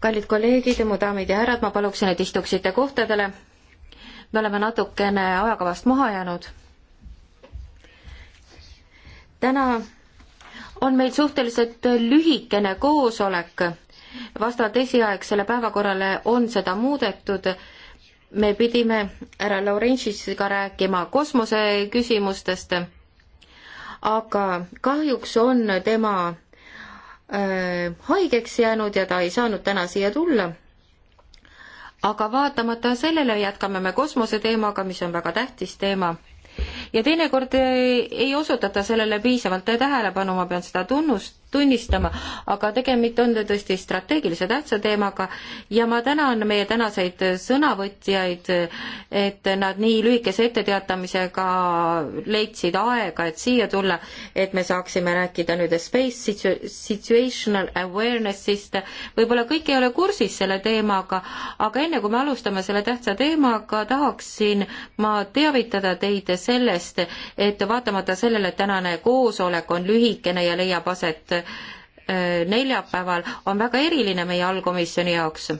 kallid kolleegid, mu daamid ja härrad, ma paluksin, et istuksite kohtadele. me oleme natukene ajakavast maha jäänud. täna on meil suhteliselt lühikene koosolek. vastavalt esialgsele päevakorrale on seda muudetud. me pidime härra Laurentiisiga rääkima kosmose küsimustest, aga kahjuks on tema Äh, haigeks jäänud ja ta ei saanud täna siia tulla. aga vaatamata sellele jätkame me kosmoseteemaga, mis on väga tähtis teema. ja teinekord ei osutata sellele piisavalt tähelepanu, ma pean seda tunnust, tunnistama, aga tegemist on tõesti strateegilise tähtsa teemaga ja ma tänan meie tänaseid sõnavõtjaid, et nad nii lühikese etteteatamisega leidsid aega, et siia tulla, et me saaksime rääkida nüüd space situ-, situational awareness'ist. võib-olla kõik ei ole kursis selle teemaga, aga enne kui me alustame selle tähtsa teemaga, tahaksin ma teavitada teid sellest, et vaatamata sellele, et tänane koosolek on lühikene ja leiab aset Äh, neljapäeval on väga eriline meie allkomisjoni jaoks,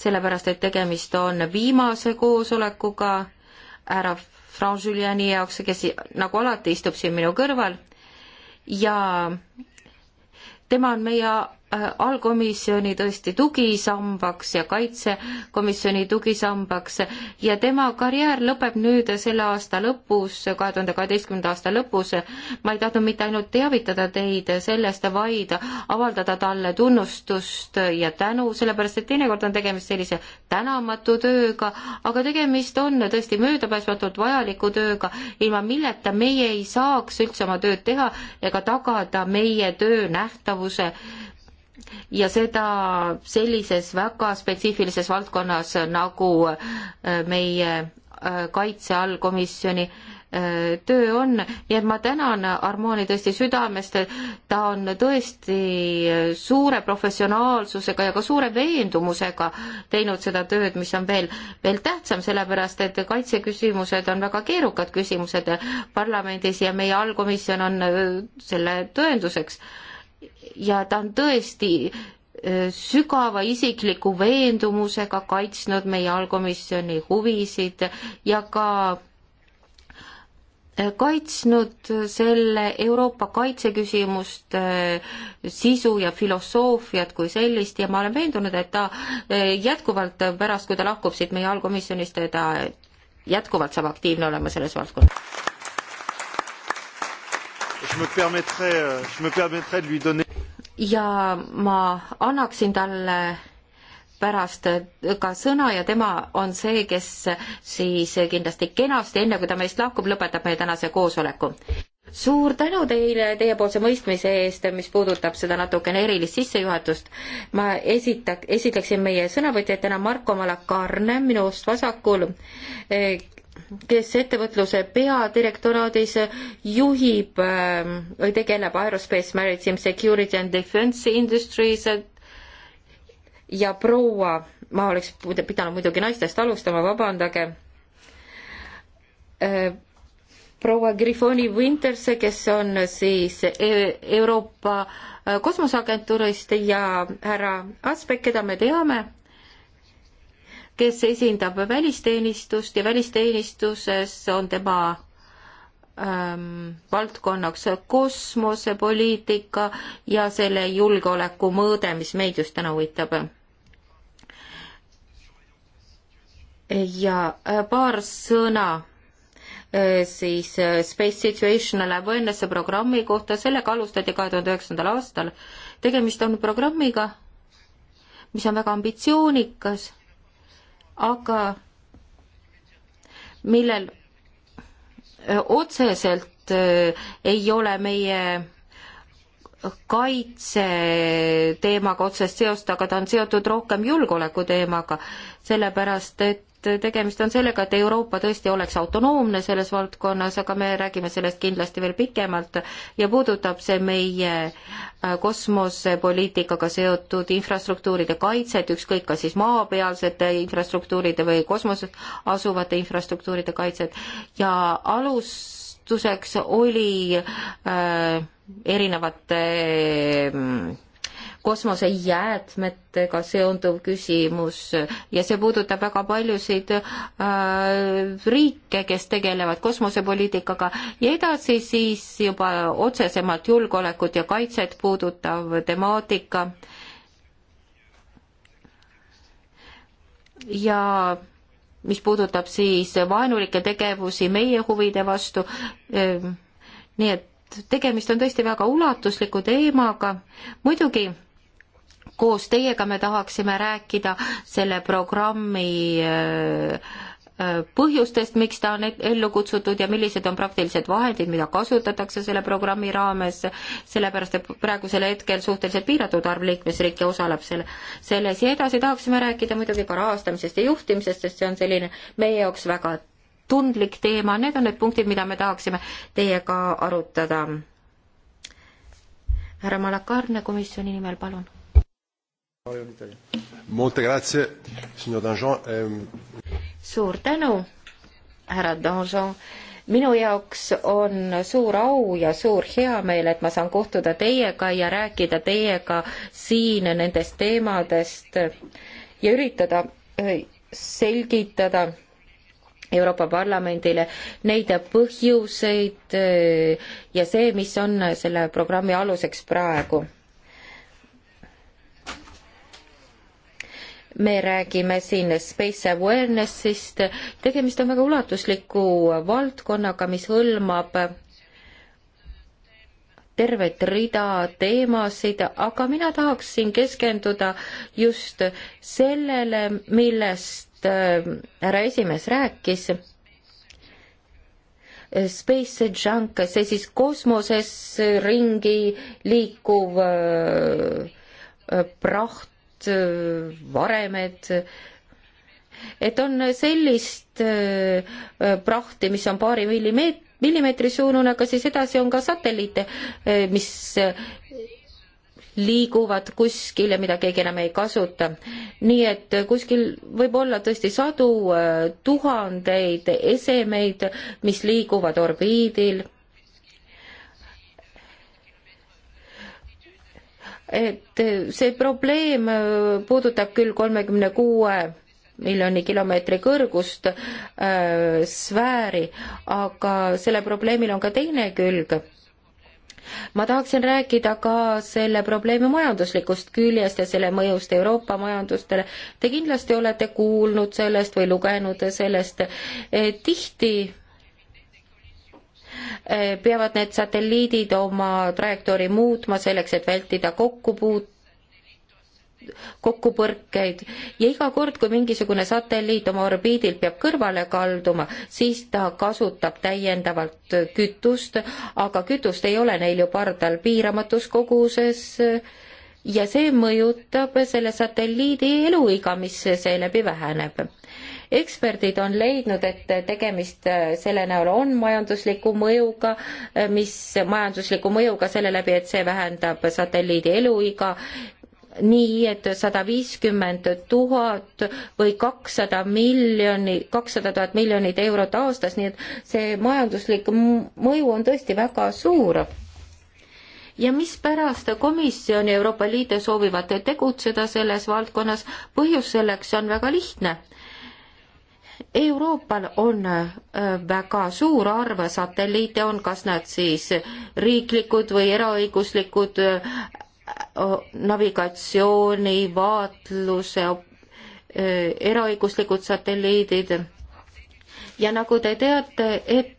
sellepärast et tegemist on viimase koosolekuga härra Franz Juliani jaoks, kes nagu alati istub siin minu kõrval ja tema on meie allkomisjoni tõesti tugisambaks ja kaitsekomisjoni tugisambaks ja tema karjäär lõpeb nüüd selle aasta lõpus, kahe tuhande kaheteistkümnenda aasta lõpus. ma ei tahtnud mitte ainult teavitada teid sellest, vaid avaldada talle tunnustust ja tänu, sellepärast et teinekord on tegemist sellise tänamatu tööga, aga tegemist on tõesti möödapääsmatult vajaliku tööga, ilma milleta meie ei saaks üldse oma tööd teha ega tagada meie töö nähtavuse ja seda sellises väga spetsiifilises valdkonnas, nagu äh, meie äh, kaitse all komisjoni äh, töö on, nii et ma tänan Armoni tõesti südamest, et ta on tõesti suure professionaalsusega ja ka suure veendumusega teinud seda tööd, mis on veel, veel tähtsam, sellepärast et kaitseküsimused on väga keerukad küsimused parlamendis ja meie allkomisjon on selle tõenduseks ja ta on tõesti äh, sügava isikliku veendumusega kaitsnud meie allkomisjoni huvisid ja ka äh, kaitsnud selle Euroopa kaitseküsimust, äh, sisu ja filosoofiat kui sellist ja ma olen veendunud, et ta jätkuvalt pärast, kui ta lahkub siit meie allkomisjonist, ta jätkuvalt saab aktiivne olema selles valdkonnas. Je me permettrai, euh, je me permettrai de lui donner ja ma annaksin talle pärast ka sõna ja tema on see, kes siis kindlasti kenasti, enne kui ta meist lahkub, lõpetab meie tänase koosoleku. suur tänu teile teiepoolse mõistmise eest, mis puudutab seda natukene erilist sissejuhatust. ma esita-, esitleksin meie sõnavõtjaid täna Marko Malakarne minust vasakul, kes ettevõtluse peadirektoraadis juhib ähm, või tegeleb Aerospace Maritime Security and Defense Industries ja proua, ma oleks pidanud muidugi naistest alustama, vabandage, äh, proua Grifoni Winters, kes on siis e-, Euroopa äh, Kosmoseagentuurist ja härra Aspek, keda me teame kes esindab välisteenistust ja välisteenistuses on tema ähm, valdkonnaks kosmosepoliitika ja selle julgeoleku mõõde, mis meid just täna huvitab. ja äh, paar sõna äh, siis äh, Space Situational Awareness'e programmi kohta, sellega alustati kahe tuhande üheksandal aastal. tegemist on programmiga, mis on väga ambitsioonikas aga millel otseselt ei ole meie kaitseteemaga otsest seost, aga ta on seotud rohkem julgeoleku teemaga, sellepärast et et tegemist on sellega, et Euroopa tõesti oleks autonoomne selles valdkonnas, aga me räägime sellest kindlasti veel pikemalt ja puudutab see meie äh, kosmosepoliitikaga seotud infrastruktuuride kaitset, ükskõik kas siis maapealsete infrastruktuuride või kosmoses asuvate infrastruktuuride kaitset ja alustuseks oli äh, erinevate äh, kosmosejäätmetega seonduv küsimus ja see puudutab väga paljusid äh, riike, kes tegelevad kosmosepoliitikaga ja edasi siis juba otsesemalt julgeolekut ja kaitset puudutav temaatika. ja mis puudutab siis vaenulikke tegevusi meie huvide vastu äh,, nii et tegemist on tõesti väga ulatusliku teemaga, muidugi koos teiega me tahaksime rääkida selle programmi äh, äh, põhjustest, miks ta on ellu kutsutud ja millised on praktilised vahendid, mida kasutatakse selle programmi raames, sellepärast et praegusel hetkel suhteliselt piiratud arv liikmesriike osaleb selle, selles ja edasi tahaksime rääkida muidugi ka rahastamisest ja juhtimisest, sest see on selline meie jaoks väga tundlik teema, need on need punktid, mida me tahaksime teiega arutada. härra Malakarne komisjoni nimel, palun Ehm, suur tänu, härra Danjean minu jaoks on suur au ja suur heameel, et ma saan kohtuda teiega ja rääkida teiega siin nendest teemadest ja üritada äh, selgitada Euroopa Parlamendile neid põhjuseid äh, ja see, mis on selle programmi aluseks praegu. me räägime siin space awareness'ist, tegemist on väga ulatusliku valdkonnaga, mis hõlmab tervet rida teemasid, aga mina tahaksin keskenduda just sellele, millest äh, härra esimees rääkis. Space junk, see siis kosmoses ringi liikuv äh, praht, varemed, et on sellist äh, prahti, mis on paari millimeet-, millimeetri suurune, aga siis edasi on ka satelliite, äh, mis äh, liiguvad kuskil ja mida keegi enam ei kasuta. nii et kuskil võib olla tõesti sadu tuhandeid esemeid, mis liiguvad orbiidil et see probleem puudutab küll kolmekümne kuue miljoni kilomeetri kõrgust äh, sfääri, aga selle probleemil on ka teine külg. ma tahaksin rääkida ka selle probleemi majanduslikust küljest ja selle mõjust Euroopa majandustele. Te kindlasti olete kuulnud sellest või lugenud sellest eh, tihti Eh, peavad need satelliidid oma trajektoori muutma selleks, et vältida kokkupuut-, kokkupõrkeid ja iga kord, kui mingisugune satelliit oma orbiidilt peab kõrvale kalduma, siis ta kasutab täiendavalt kütust, aga kütust ei ole neil ju pardal piiramatus koguses ja see mõjutab selle satelliidi eluiga, mis seeläbi väheneb eksperdid on leidnud, et tegemist äh, selle näol on majandusliku mõjuga, äh, mis, majandusliku mõjuga selle läbi, et see vähendab satelliidi eluiga, nii et sada viiskümmend tuhat või kakssada miljoni, kakssada tuhat miljonit eurot aastas, nii et see majanduslik mõju on tõesti väga suur. ja mispärast Komisjon ja Euroopa Liit soovivad tegutseda selles valdkonnas, põhjus selleks on väga lihtne Euroopal on äh, väga suur arv satelliite, on kas nad siis riiklikud või eraõiguslikud äh, navigatsiooni, vaatluse, äh, eraõiguslikud satelliidid. ja nagu te teate, et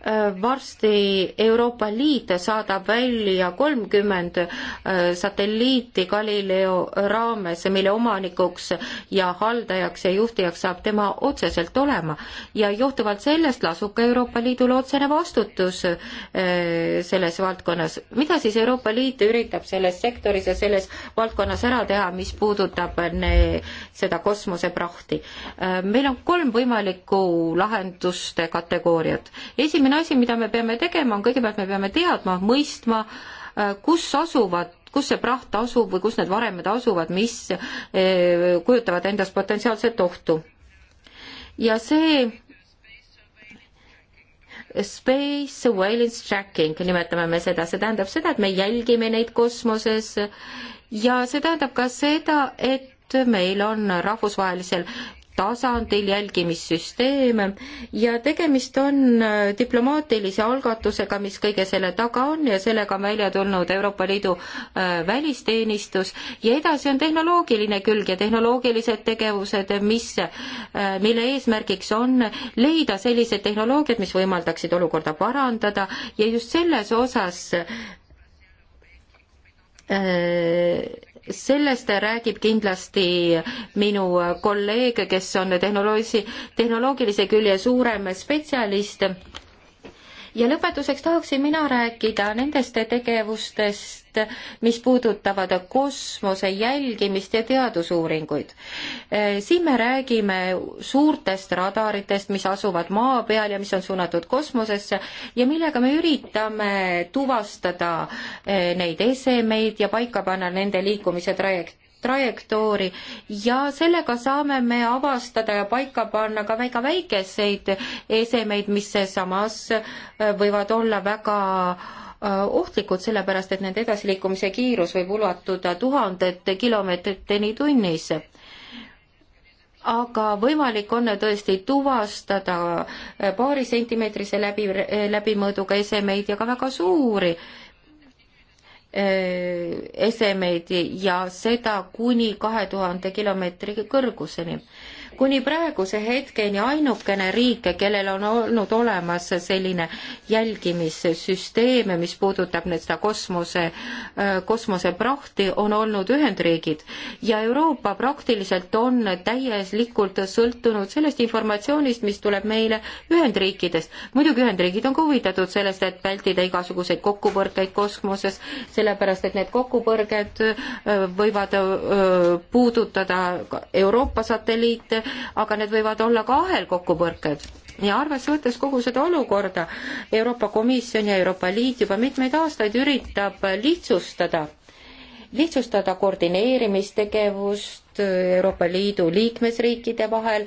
Äh, varsti Euroopa Liit saadab välja kolmkümmend äh, satelliiti Galileo raames, mille omanikuks ja haldajaks ja juhtijaks saab tema otseselt olema. ja johtuvalt sellest lasub ka Euroopa Liidul otsene vastutus äh, selles valdkonnas. mida siis Euroopa Liit üritab selles sektoris ja selles valdkonnas ära teha, mis puudutab ne, seda kosmoseprahti? meil on kolm võimalikku lahenduste kategooriat. esimene esimene asi, mida me peame tegema, on kõigepealt me peame teadma, mõistma, äh, kus asuvad, kus see praht asub või kus need varemed asuvad, mis äh, kujutavad endast potentsiaalset ohtu. ja see space surveillance tracking, nimetame me seda, see tähendab seda, et me jälgime neid kosmoses ja see tähendab ka seda, et meil on rahvusvahelisel tasandil jälgimissüsteeme ja tegemist on äh, diplomaatilise algatusega, mis kõige selle taga on ja sellega on välja tulnud Euroopa Liidu äh, välisteenistus ja edasi on tehnoloogiline külg ja tehnoloogilised tegevused, mis, äh, mille eesmärgiks on leida sellised tehnoloogiad, mis võimaldaksid olukorda parandada ja just selles osas äh, sellest räägib kindlasti minu kolleeg, kes on tehnoloogilise, tehnoloogilise külje suurem spetsialist ja lõpetuseks tahaksin mina rääkida nendest tegevustest, mis puudutavad kosmose jälgimist ja teadusuuringuid. siin me räägime suurtest radaritest, mis asuvad maa peal ja mis on suunatud kosmosesse ja millega me üritame tuvastada eh, neid esemeid ja paika panna nende liikumise trajekt-, trajektoori ja sellega saame me avastada ja paika panna ka väga väikeseid esemeid, mis samas äh, võivad olla väga äh, ohtlikud, sellepärast et nende edasiliikumise kiirus võib ulatuda tuhandete kilomeetriteni tunnis aga võimalik on tõesti tuvastada äh, paari sentimeetrise läbi, läbimõõduga esemeid ja ka väga suuri esemeid eh, ja seda kuni kahe tuhande kilomeetri kõrguseni kuni praeguse hetkeni ainukene riik, kellel on olnud olemas selline jälgimissüsteem, mis puudutab nüüd seda kosmose, kosmoseprahti, on olnud Ühendriigid. ja Euroopa praktiliselt on täielikult sõltunud sellest informatsioonist, mis tuleb meile Ühendriikidest. muidugi Ühendriigid on ka huvitatud sellest, et vältida igasuguseid kokkupõrkeid kosmoses, sellepärast et need kokkupõrged äh, võivad äh, puudutada Euroopa satelliite, aga need võivad olla ka ahelkokkupõrked ja arvesse võttes kogu seda olukorda, Euroopa Komisjon ja Euroopa Liit juba mitmeid aastaid üritab lihtsustada lihtsustada koordineerimistegevust, koostöö Euroopa Liidu liikmesriikide vahel,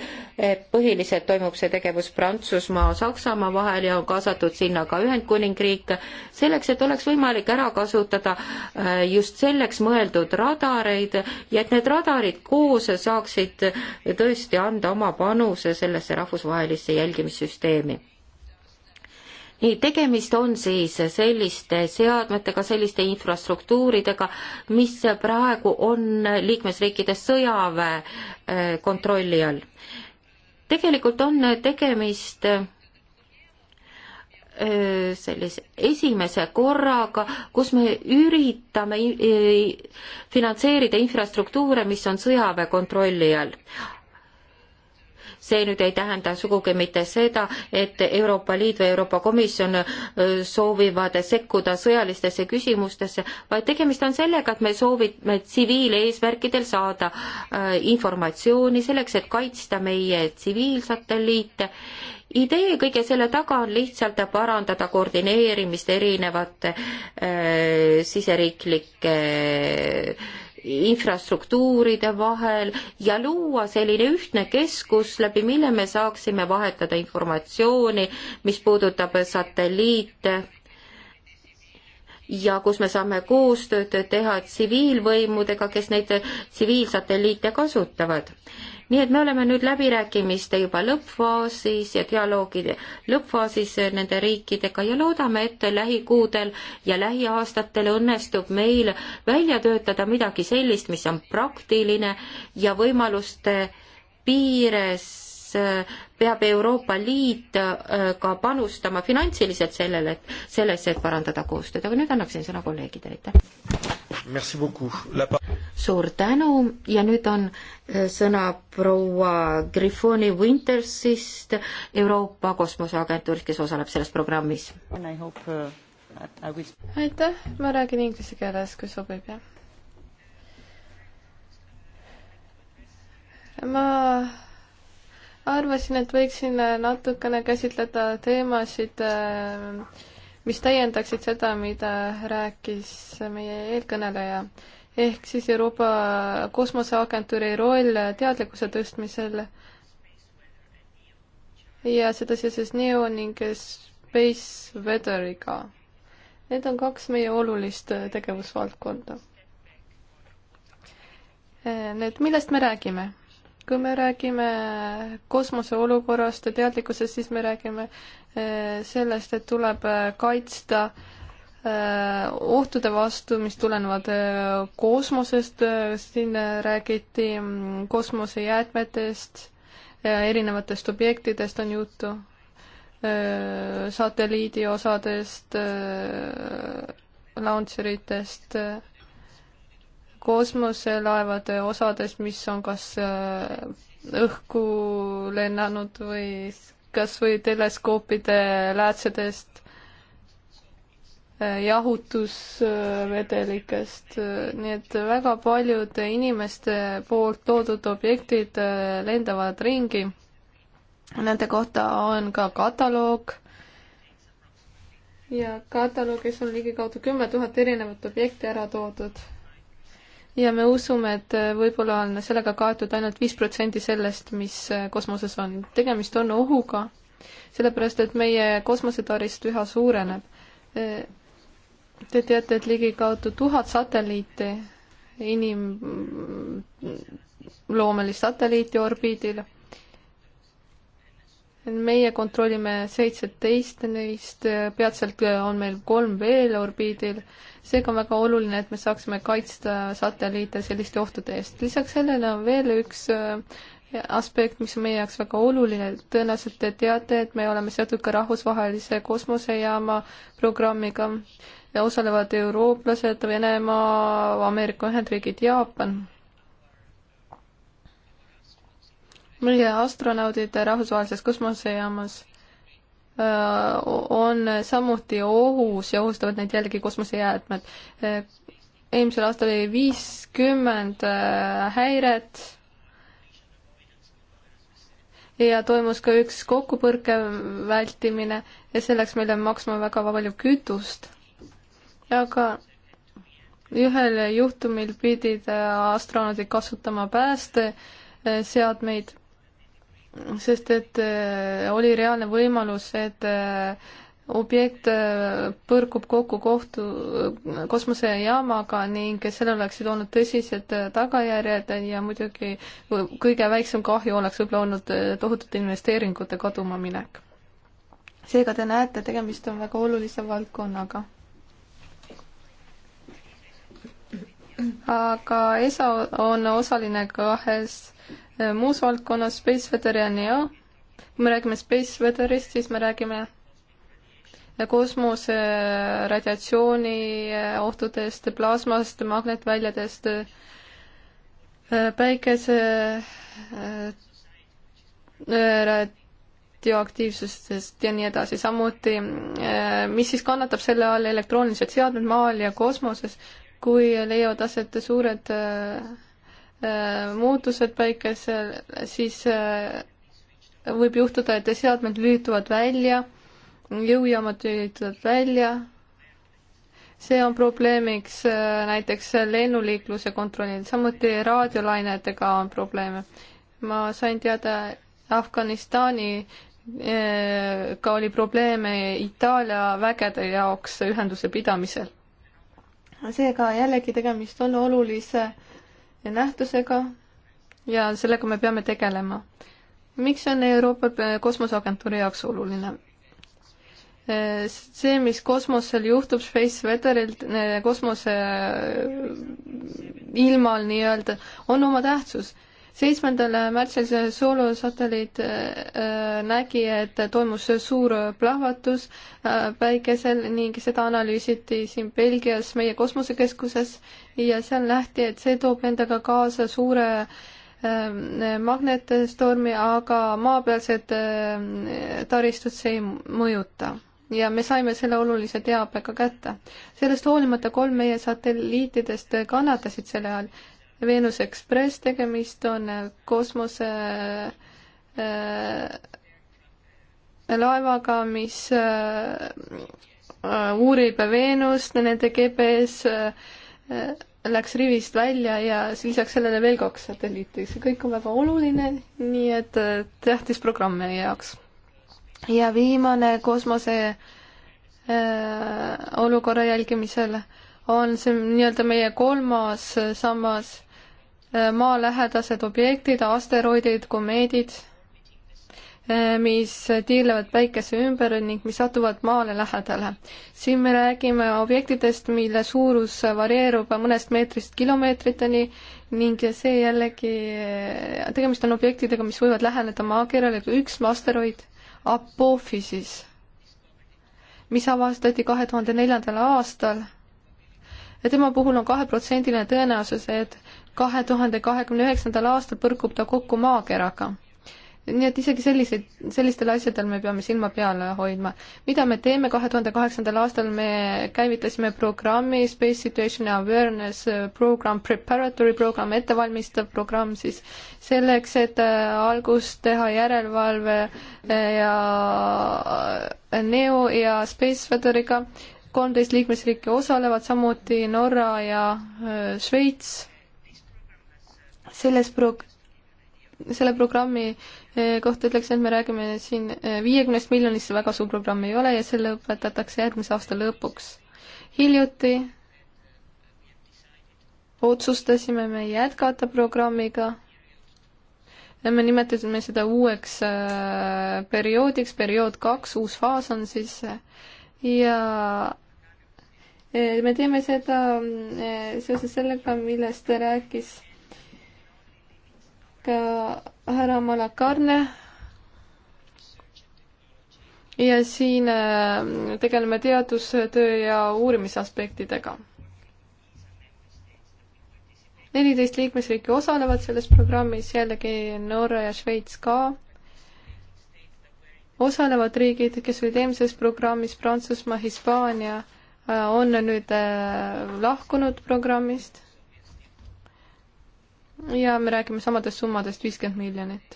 põhiliselt toimub see tegevus Prantsusmaa, Saksamaa vahel ja on kaasatud sinna ka Ühendkuningriik, selleks, et oleks võimalik ära kasutada äh, just selleks mõeldud radareid ja et need radarid koos saaksid tõesti anda oma panuse sellesse rahvusvahelisse jälgimissüsteemi nii, tegemist on siis selliste seadmetega, selliste infrastruktuuridega, mis praegu on liikmesriikide sõjaväe eh, kontrolli all. tegelikult on tegemist eh, sellise esimese korraga, kus me üritame eh, finantseerida infrastruktuure, mis on sõjaväe kontrolli all see nüüd ei tähenda sugugi mitte seda, et Euroopa Liit või Euroopa Komisjon äh, soovivad sekkuda sõjalistesse küsimustesse, vaid tegemist on sellega, et me soovime tsiviileesmärkidel saada äh, informatsiooni selleks, et kaitsta meie tsiviilsatelliite idee kõige selle taga on lihtsalt parandada koordineerimist erinevate äh, siseriiklike äh, infrastruktuuride vahel ja luua selline ühtne keskus, läbi mille me saaksime vahetada informatsiooni, mis puudutab satelliite ja kus me saame koostööd teha tsiviilvõimudega, kes neid tsiviilsatelliite kasutavad nii et me oleme nüüd läbirääkimiste juba lõppfaasis ja dialoogide lõppfaasis nende riikidega ja loodame, et lähikuudel ja lähiaastatel õnnestub meil välja töötada midagi sellist, mis on praktiline ja võimaluste piires äh, peab Euroopa Liit äh, ka panustama finantsiliselt sellele, et sellesse, et parandada koostööd, aga nüüd annaksin sõna kolleegidele, aitäh suur tänu ja nüüd on eh, sõna proua Grifoni Wintersist Euroopa Kosmoseagentuurist, kes osaleb selles programmis. Uh, aitäh, ma räägin inglise keeles, kui sobib, jah. ma arvasin, et võiksin natukene käsitleda teemasid äh, mis täiendaksid seda, mida rääkis meie eelkõneleja. ehk siis Euroopa Kosmoseagentuuri roll teadlikkuse tõstmisel ja seda seoses Neo ning Space Weatheriga. Need on kaks meie olulist tegevusvaldkonda. Need, millest me räägime? kui me räägime kosmose olukorrast ja teadlikkusest, siis me räägime eh, sellest, et tuleb eh, kaitsta eh, ohtude vastu, mis tulenevad kosmosest, siin räägiti mm, kosmosejäätmetest, erinevatest objektidest on juttu, satelliidi osadest, launcheritest kosmoselaevade osadest, mis on kas äh, õhku lennanud või kas või teleskoopide läätsedest, äh, jahutusvedelikest, äh, nii et väga paljud inimeste poolt loodud objektid lendavad ringi. Nende kohta on ka kataloog ja kataloogis on ligikaudu kümme tuhat erinevat objekti ära toodud ja me usume, et äh, võib-olla on sellega kaetud ainult viis protsenti sellest, mis äh, kosmoses on. tegemist on ohuga, sellepärast et meie kosmosetaristu üha suureneb. Äh, te teate, et ligikaudu tuhat satelliiti, inimloomelist satelliiti orbiidil meie kontrollime seitseteist neist, peatselt on meil kolm veel orbiidil, seega on väga oluline, et me saaksime kaitsta satelliite selliste ohtude eest. lisaks sellele on veel üks äh, aspekt, mis on meie jaoks väga oluline, tõenäoliselt te teate, et me oleme seotud ka rahvusvahelise kosmosejaama programmiga ja osalevad eurooplased, Venemaa, Ameerika Ühendriigid, Jaapan meie astronaudid rahvusvahelises kosmosejaamas äh, on samuti ohus ja ohustavad neid jällegi kosmosejäätmed. Äh, eelmisel aastal oli viiskümmend äh, häiret ja toimus ka üks kokkupõrke vältimine ja selleks me peame maksma väga palju kütust. aga ühel juhtumil pidid astronaudid kasutama päästeseadmeid sest et äh, oli reaalne võimalus, et äh, objekt äh, põrkub kokku kohtu, kosmosejaamaga ning sellel oleksid olnud tõsised tagajärjed ja muidugi kõige väiksem kahju oleks võib-olla olnud tohutute investeeringute kaduma minek. seega te näete, tegemist on väga olulise valdkonnaga. aga ESA on osaline kahes Äh, muus valdkonnas Space Veterani ja kui me räägime Space Weatherist, siis me räägime äh, kosmose äh, radiatsiooni ohtudest, plasmast, magnetväljadest, päikese radioaktiivsusest ja nii edasi, samuti mis siis kannatab selle all elektroonilised seadmed maal ja kosmoses, kui leiavad aset suured Äh, muutused päikesel, siis äh, võib juhtuda, et seadmed lülituvad välja, jõujaamad lülituvad välja. see on probleemiks äh, näiteks lennuliikluse kontrollil, samuti raadiolainetega on probleeme. ma sain teada Afganistani ka oli probleeme Itaalia vägede jaoks ühenduse pidamisel. seega jällegi tegemist on olulise äh, nähtusega ja sellega me peame tegelema. miks on Euroopa äh, Kosmoseagentuuri jaoks oluline? Äh, see, mis kosmosel juhtub Space Weatheril, äh, kosmose ilmal nii-öelda, on oma tähtsus seitsmendal märtsil see Soolo satelliit äh, äh, nägi, et toimus suur plahvatus äh, päikesel ning seda analüüsiti siin Belgias meie kosmosekeskuses ja seal nähti, et see toob endaga kaasa suure magnetstormi, aga maapealsed taristud see ei mõjuta ja me saime selle olulise teabe ka kätte. sellest hoolimata kolm meie satelliitidest kannatasid selle all Veenus Ekspress, tegemist on äh, kosmose äh, äh, laevaga, mis uurib Veenust, nende GPS läks rivist välja ja lisaks sellele veel kaks satelliiti, see kõik on väga oluline, nii et tähtis programm meie jaoks. ja viimane kosmose olukorra jälgimisel on see nii-öelda meie kolmas sammas maalähedased objektid, asteroidid, komeedid, eh, mis tiirlevad päikese ümber ning mis satuvad maale lähedale. siin me räägime objektidest, mille suurus varieerub mõnest meetrist kilomeetriteni ning see jällegi, tegemist on objektidega, mis võivad läheneda maakerale, üks asteroid, Apophysis, mis avastati kahe tuhande neljandal aastal ja tema puhul on kaheprotsendiline tõenäosus, et kahe tuhande kahekümne üheksandal aastal põrkub ta kokku maakeraga. nii et isegi selliseid, sellistel asjadel me peame silma peal hoidma. mida me teeme, kahe tuhande kaheksandal aastal me käivitasime programmi Space Situation Awareness Program, preparatory program, ettevalmistav programm siis, selleks, et äh, algust teha järelevalve äh, ja äh, Neo ja Space Federiga kolmteist liikmesriiki osalevad, samuti Norra ja äh, Šveits. selles prog-, selle programmi äh, kohta ütleks, et me räägime siin äh, viiekümnest miljonist, see väga suur programm ei ole ja see lõpetatakse järgmise aasta lõpuks. hiljuti otsustasime me jätkata programmiga ja me nimetasime seda uueks perioodiks, periood kaks, uus faas on siis ja eh, me teeme seda eh, seoses sellega, millest rääkis ka härra Malakarne. ja siin eh, tegeleme teadustöö ja uurimisaspektidega. neliteist liikmesriiki osalevad selles programmis, jällegi Norra ja Šveits ka osalevad riigid, kes olid eelmises programmis Prantsusmaa, Hispaania, äh, on nüüd äh, lahkunud programmist. ja me räägime samadest summadest viiskümmend miljonit.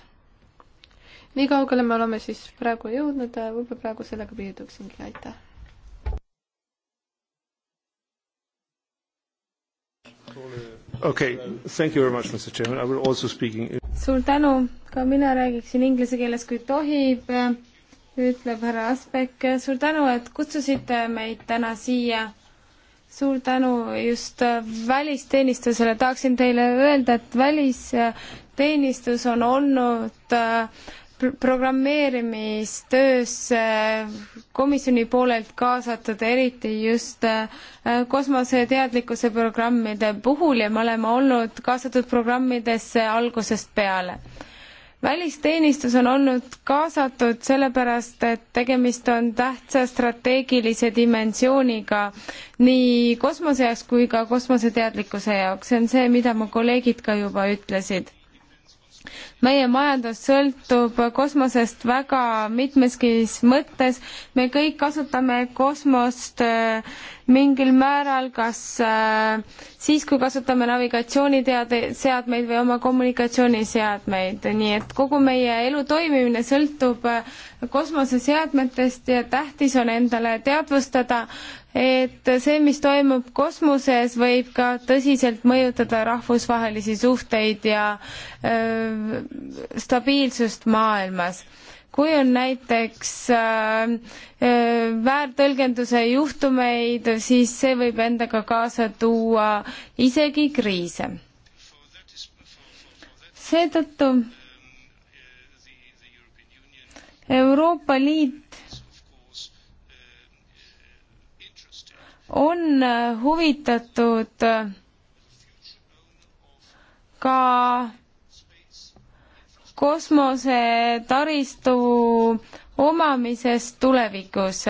nii kaugele me oleme siis praegu jõudnud, äh, võib-olla praegu sellega piirduksingi, aitäh. Okay, thank you very much, Mr Chairman, I will also speaking suur tänu, ka mina räägiksin inglise keeles, kui tohib ütleb härra Aspek, suur tänu, et kutsusite meid täna siia. suur tänu just välisteenistusele, tahaksin teile öelda, et välisteenistus on olnud äh, programmeerimistöös komisjoni poolelt kaasatud, eriti just äh, kosmoseteadlikkuse programmide puhul ja me oleme olnud kaasatud programmidesse algusest peale välisteenistus on olnud kaasatud sellepärast, et tegemist on tähtsa strateegilise dimensiooniga nii kosmose jaoks kui ka kosmoseteadlikkuse jaoks, see on see, mida mu kolleegid ka juba ütlesid meie majandus sõltub kosmosest väga mitmeski mõttes. me kõik kasutame kosmost äh, mingil määral kas äh, siis, kui kasutame navigatsiooniteade, seadmeid või oma kommunikatsiooniseadmeid, nii et kogu meie elu toimimine sõltub äh, kosmoseseadmetest ja tähtis on endale teadvustada, et see, mis toimub kosmoses, võib ka tõsiselt mõjutada rahvusvahelisi suhteid ja öö, äh, stabiilsust maailmas kui on näiteks äh, äh, väärtõlgenduse juhtumeid, siis see võib endaga kaasa tuua isegi kriise. seetõttu Euroopa Liit on huvitatud ka kosmosetaristu omamisest tulevikus,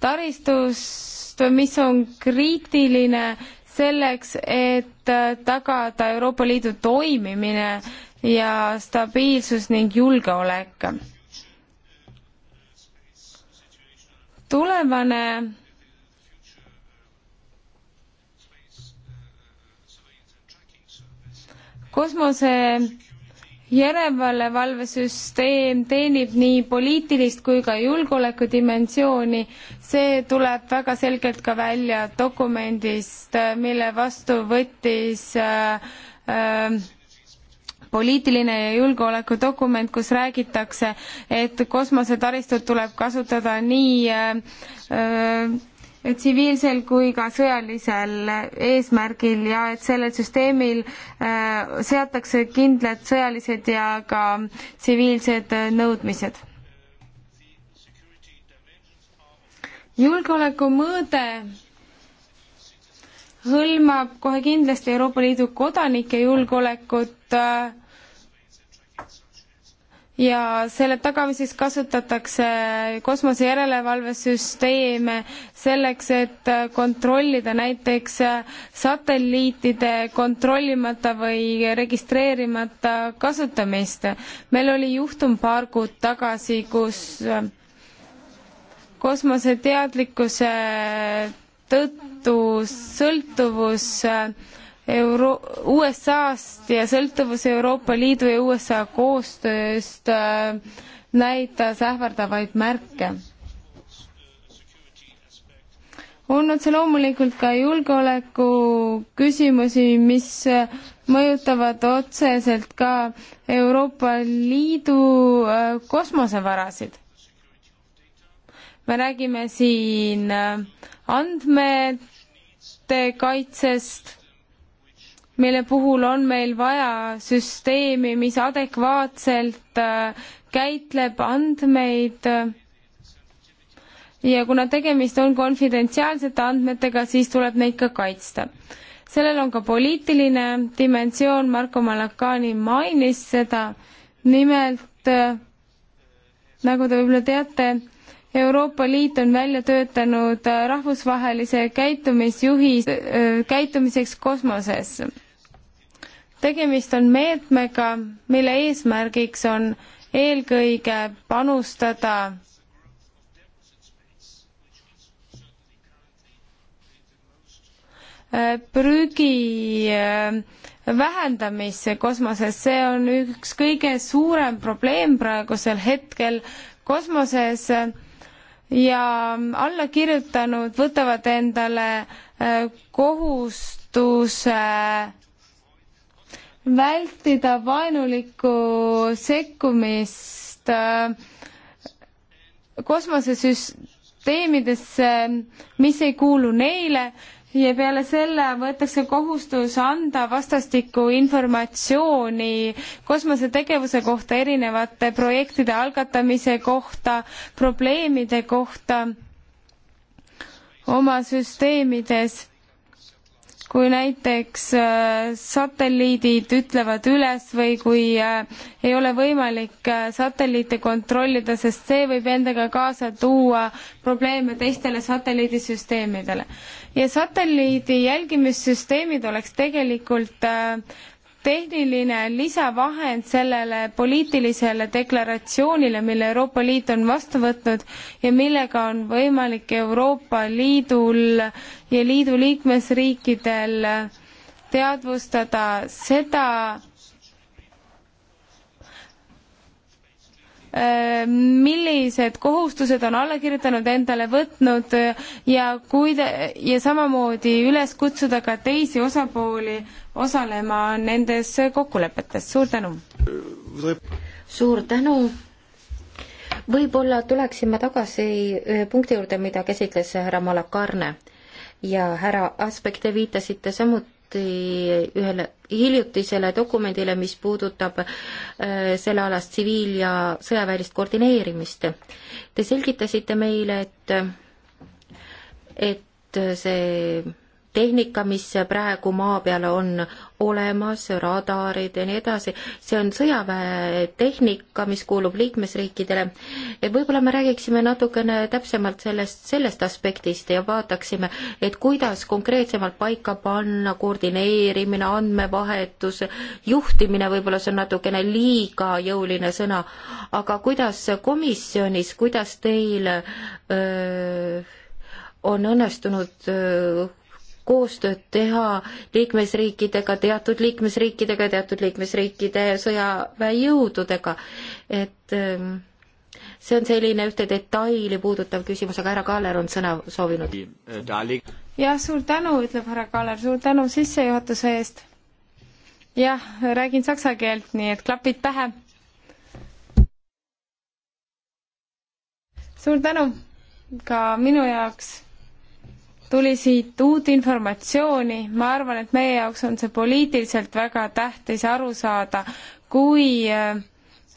taristust, mis on kriitiline selleks, et tagada Euroopa Liidu toimimine ja stabiilsus ning julgeolek. tulevane kosmose järelevalvesüsteem teenib nii poliitilist kui ka julgeolekudimensiooni, see tuleb väga selgelt ka välja dokumendist, äh, mille vastu võttis äh, äh, poliitiline ja julgeolekudokument, kus räägitakse, et kosmosetaristut tuleb kasutada nii äh, äh, tsiviilsel kui ka sõjalisel eesmärgil ja et sellel süsteemil äh, seatakse kindlad sõjalised ja ka tsiviilsed nõudmised. julgeoleku mõõde hõlmab kohe kindlasti Euroopa Liidu kodanike julgeolekut äh, ja selle tagamiseks kasutatakse kosmosejärelevalvesüsteeme selleks, et kontrollida näiteks satelliitide kontrollimata või registreerimata kasutamist. meil oli juhtum paar kuud tagasi, kus kosmoseteadlikkuse tõttu sõltuvus äh, Euro-, USA-st ja sõltuvus Euroopa Liidu ja USA koostööst äh, näitas ähvardavaid märke. on otse loomulikult ka julgeoleku küsimusi, mis mõjutavad otseselt ka Euroopa Liidu äh, kosmosevarasid. me räägime siin äh, andmete kaitsest mille puhul on meil vaja süsteemi, mis adekvaatselt äh, käitleb andmeid ja kuna tegemist on konfidentsiaalsete andmetega, siis tuleb neid ka kaitsta. sellel on ka poliitiline dimensioon, Marko Malakani mainis seda, nimelt äh, nagu te võib-olla teate, Euroopa Liit on välja töötanud äh, rahvusvahelise käitumisjuhi äh, käitumiseks kosmoses. tegemist on meetmega, mille eesmärgiks on eelkõige panustada äh, prügi vähendamisse kosmoses, see on üks kõige suurem probleem praegusel hetkel kosmoses ja allakirjutanud võtavad endale äh, kohustuse vältida vaenulikku sekkumist äh, kosmosesüsteemidesse, mis ei kuulu neile ja peale selle võetakse kohustus anda vastastikku informatsiooni kosmosetegevuse kohta, erinevate projektide algatamise kohta, probleemide kohta oma süsteemides kui näiteks äh, satelliidid ütlevad üles või kui äh, ei ole võimalik äh, satelliite kontrollida, sest see võib endaga kaasa tuua probleeme teistele satelliidisüsteemidele. ja satelliidi jälgimissüsteemid oleks tegelikult tehniline lisavahend sellele poliitilisele deklaratsioonile, mille Euroopa Liit on vastu võtnud ja millega on võimalik Euroopa Liidul ja liidu liikmesriikidel teadvustada seda, Äh, millised kohustused on allakirjutanud endale võtnud äh, ja kuida- ja samamoodi üles kutsuda ka teisi osapooli osalema nendes kokkulepetes, suur tänu! suur tänu! võib-olla tuleksime tagasi äh, punkti juurde, mida käsitles härra Malakarne ja härra Aspek, te viitasite samuti ühele hiljutisele dokumendile, mis puudutab äh, sellealast tsiviil- ja sõjaväelist koordineerimist. Te selgitasite meile, et, et see tehnika, mis praegu maa peal on olemas, radarid ja nii edasi, see on sõjaväetehnika, mis kuulub liikmesriikidele. võib-olla me räägiksime natukene täpsemalt sellest, sellest aspektist ja vaataksime, et kuidas konkreetsemalt paika panna koordineerimine, andmevahetus, juhtimine, võib-olla see on natukene liiga jõuline sõna, aga kuidas komisjonis, kuidas teil öö, on õnnestunud öö, koostööd teha liikmesriikidega, teatud liikmesriikidega, teatud liikmesriikide sõjaväejõududega, et ähm, see on selline ühte detaili puudutav küsimus, aga härra Kaaler on sõna soovinud. jah, suur tänu, ütleb härra Kaaler, suur tänu sissejuhatuse eest. jah, räägin saksa keelt, nii et klapid pähe. suur tänu ka minu jaoks tuli siit uut informatsiooni, ma arvan, et meie jaoks on see poliitiliselt väga tähtis aru saada, kui äh,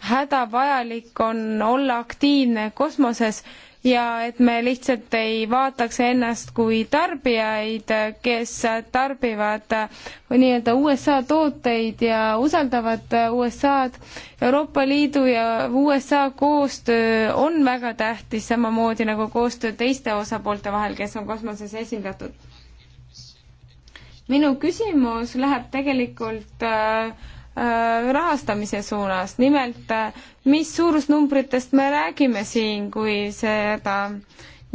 hädavajalik on olla aktiivne kosmoses ja et me lihtsalt ei vaataks ennast kui tarbijaid, kes tarbivad nii-öelda USA tooteid ja usaldavad USA-d. Euroopa Liidu ja USA koostöö on väga tähtis, samamoodi nagu koostöö teiste osapoolte vahel, kes on kosmoses esindatud. minu küsimus läheb tegelikult äh, Äh, rahastamise suunas, nimelt äh, mis suurusnumbritest me räägime siin, kui seda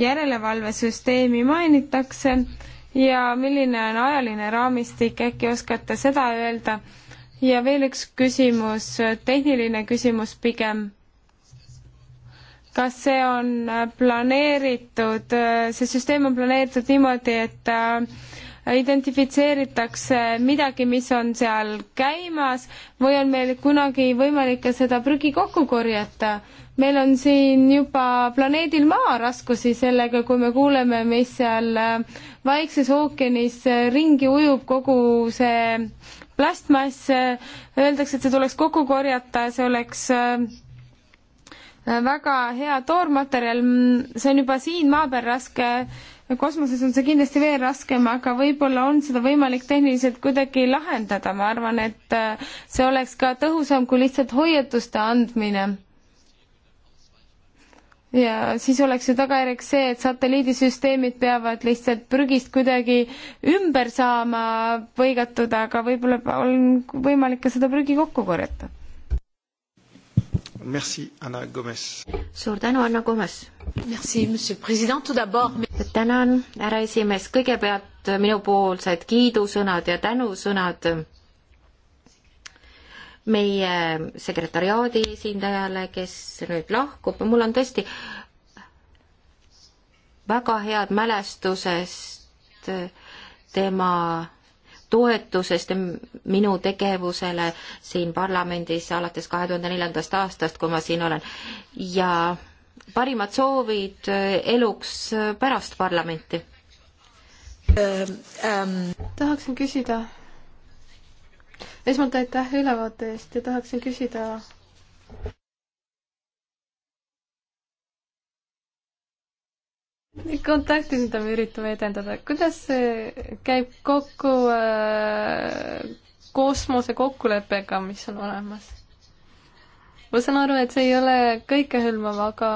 järelevalvesüsteemi mainitakse ja milline on ajaline raamistik, äkki oskate seda öelda? ja veel üks küsimus, tehniline küsimus pigem. kas see on äh, planeeritud, see süsteem on planeeritud niimoodi, et identifitseeritakse midagi, mis on seal käimas või on meil kunagi võimalik ka seda prügi kokku korjata. meil on siin juba planeedil Maa raskusi sellega, kui me kuuleme, mis seal äh, Vaikses ookeanis äh, ringi ujub kogu see plastmass, öeldakse, et see tuleks kokku korjata, see oleks äh, väga hea toormaterjal, see on juba siin maa peal raske kosmoses on see kindlasti veel raskem, aga võib-olla on seda võimalik tehniliselt kuidagi lahendada, ma arvan, et äh, see oleks ka tõhusam kui lihtsalt hoiatuste andmine. ja siis oleks ju tagajärjeks see, et satelliidisüsteemid peavad lihtsalt prügist kuidagi ümber saama põigatud, aga võib-olla on võimalik ka seda prügi kokku korjata Merci, Anna Gomes. suur tänu, Anna Gomes. Merci, monsieur president, tout d'abord. tänan, härra esimees, kõigepealt minupoolsed kiidusõnad ja tänusõnad meie sekretariaadi esindajale, kes nüüd lahkub, mul on tõesti väga head mälestusest tema toetusest minu tegevusele siin parlamendis alates kahe tuhande neljandast aastast, kui ma siin olen. ja parimad soovid äh, eluks äh, pärast parlamenti ähm,. Ähm. tahaksin küsida, esmalt aitäh ülevaate eest ja tahaksin küsida kontakti, mida me üritame edendada, kuidas see käib kokku äh, kosmose kokkuleppega, mis on olemas? ma saan aru, et see ei ole kõikehõlmav, aga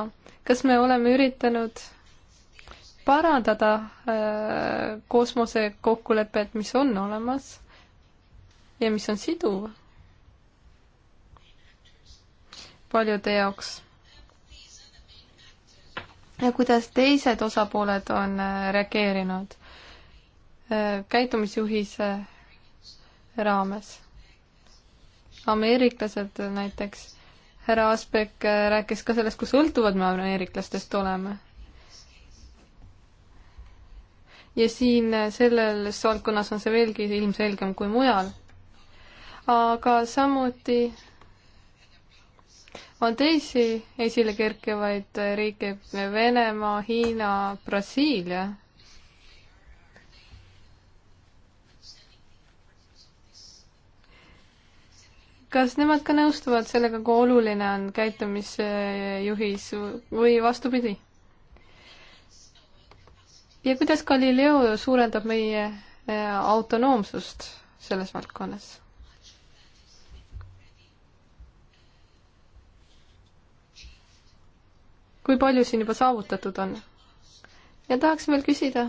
kas me oleme üritanud parandada äh, kosmose kokkulepet, mis on olemas ja mis on siduv paljude jaoks kuidas teised osapooled on äh, reageerinud äh, käitumisjuhise raames. ameeriklased näiteks, härra Asbek äh, rääkis ka sellest, kui sõltuvad me ameeriklastest oleme. ja siin selles valdkonnas on see veelgi ilmselgem kui mujal. aga samuti on teisi esile kerkivaid riike, Venemaa, Hiina, Brasiilia, kas nemad ka nõustuvad sellega, kui oluline on käitumisjuhis või vastupidi? ja kuidas Galileo suurendab meie autonoomsust selles valdkonnas? kui palju siin juba saavutatud on. ja tahaks veel küsida.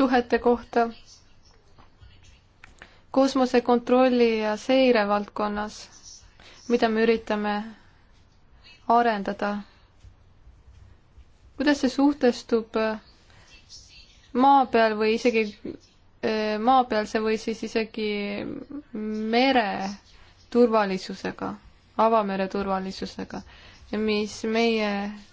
suhete kohta kosmosekontrolli ja seire valdkonnas, mida me üritame arendada. kuidas see suhtestub maa peal või isegi maapealse või siis isegi mere turvalisusega, avamere turvalisusega, mis meie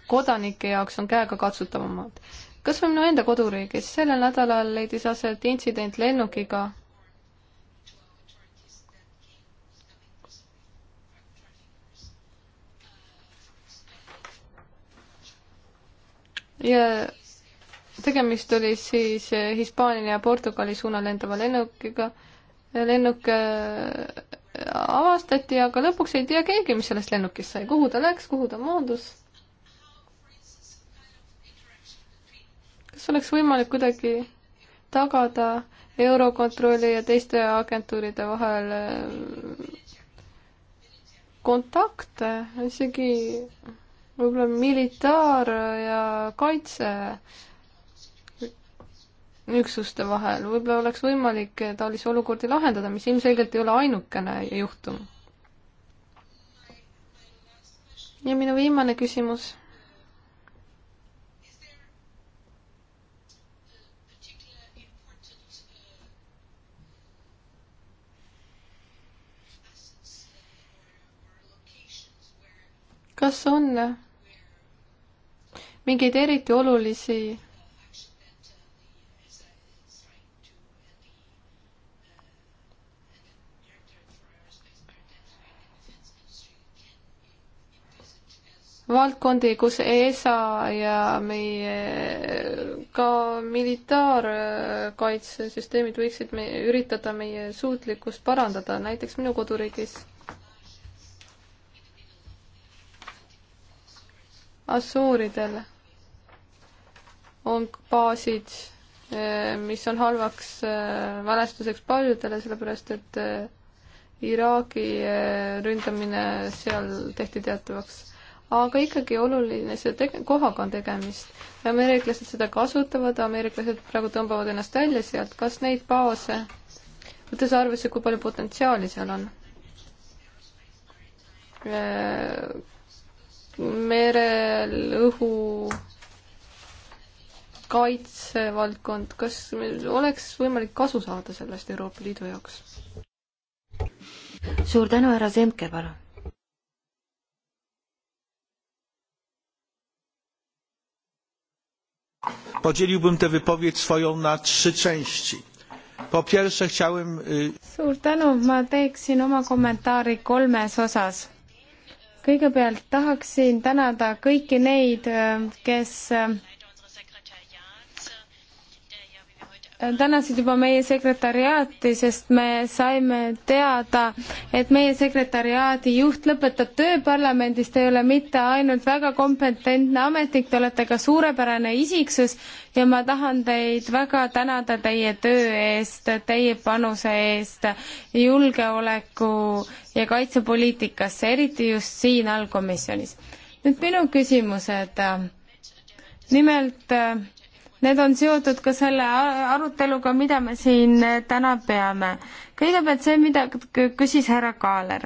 kodanike jaoks on käegakatsutavamad. kas või minu enda koduriigis, sellel nädalal leidis aset intsident lennukiga, ja tegemist oli siis eh, Hispaania ja Portugali suunal lendava lennukiga. lennuk eh, avastati, aga lõpuks ei tea keegi, mis sellest lennukist sai, kuhu ta läks, kuhu ta maandus. kas oleks võimalik kuidagi tagada Eurokontrolli ja teiste agentuuride vahel eh, kontakte, isegi võib-olla militaar ja kaitse üksuste vahel, võib-olla oleks võimalik eh, taolisi olukordi lahendada, mis ilmselgelt ei ole ainukene juhtum. ja minu viimane küsimus. kas on eh, mingeid eriti olulisi valdkondi, kus ESA ja meie ka militaarkaitsesüsteemid võiksid me, üritada meie suutlikkust parandada, näiteks minu koduriigis. Assuuridel on baasid, eh, mis on halvaks eh, mälestuseks paljudele, sellepärast et eh, Iraagi ründamine seal tehti teatavaks aga ikkagi oluline see tege-, kohaga on tegemist. ameeriklased seda kasutavad, ameeriklased praegu tõmbavad ennast välja sealt, kas neid baase, võttes arvesse, kui palju potentsiaali seal on? Äh, merel, õhu, kaitsevaldkond, kas meil oleks võimalik kasu saada sellest Euroopa Liidu jaoks? suur tänu, härra Semke, palun! podzieliłbym tę wypowiedź swoją na trzy części. Po pierwsze chciałem... Suur tänu, ma teeksin oma kommentaari kolmes osas. Kõigepealt tahaksin tänada kõiki neid, kes tänasid juba meie sekretariaati, sest me saime teada, et meie sekretariaadi juht lõpetab töö parlamendis, te ei ole mitte ainult väga kompetentne ametnik, te olete ka suurepärane isiksus ja ma tahan teid väga tänada teie töö eest, teie panuse eest julgeoleku ja kaitsepoliitikasse, eriti just siin allkomisjonis. nüüd minu küsimused. nimelt Need on seotud ka selle aruteluga, mida me siin eh, täna peame. kõigepealt see, mida küsis härra Kaaler.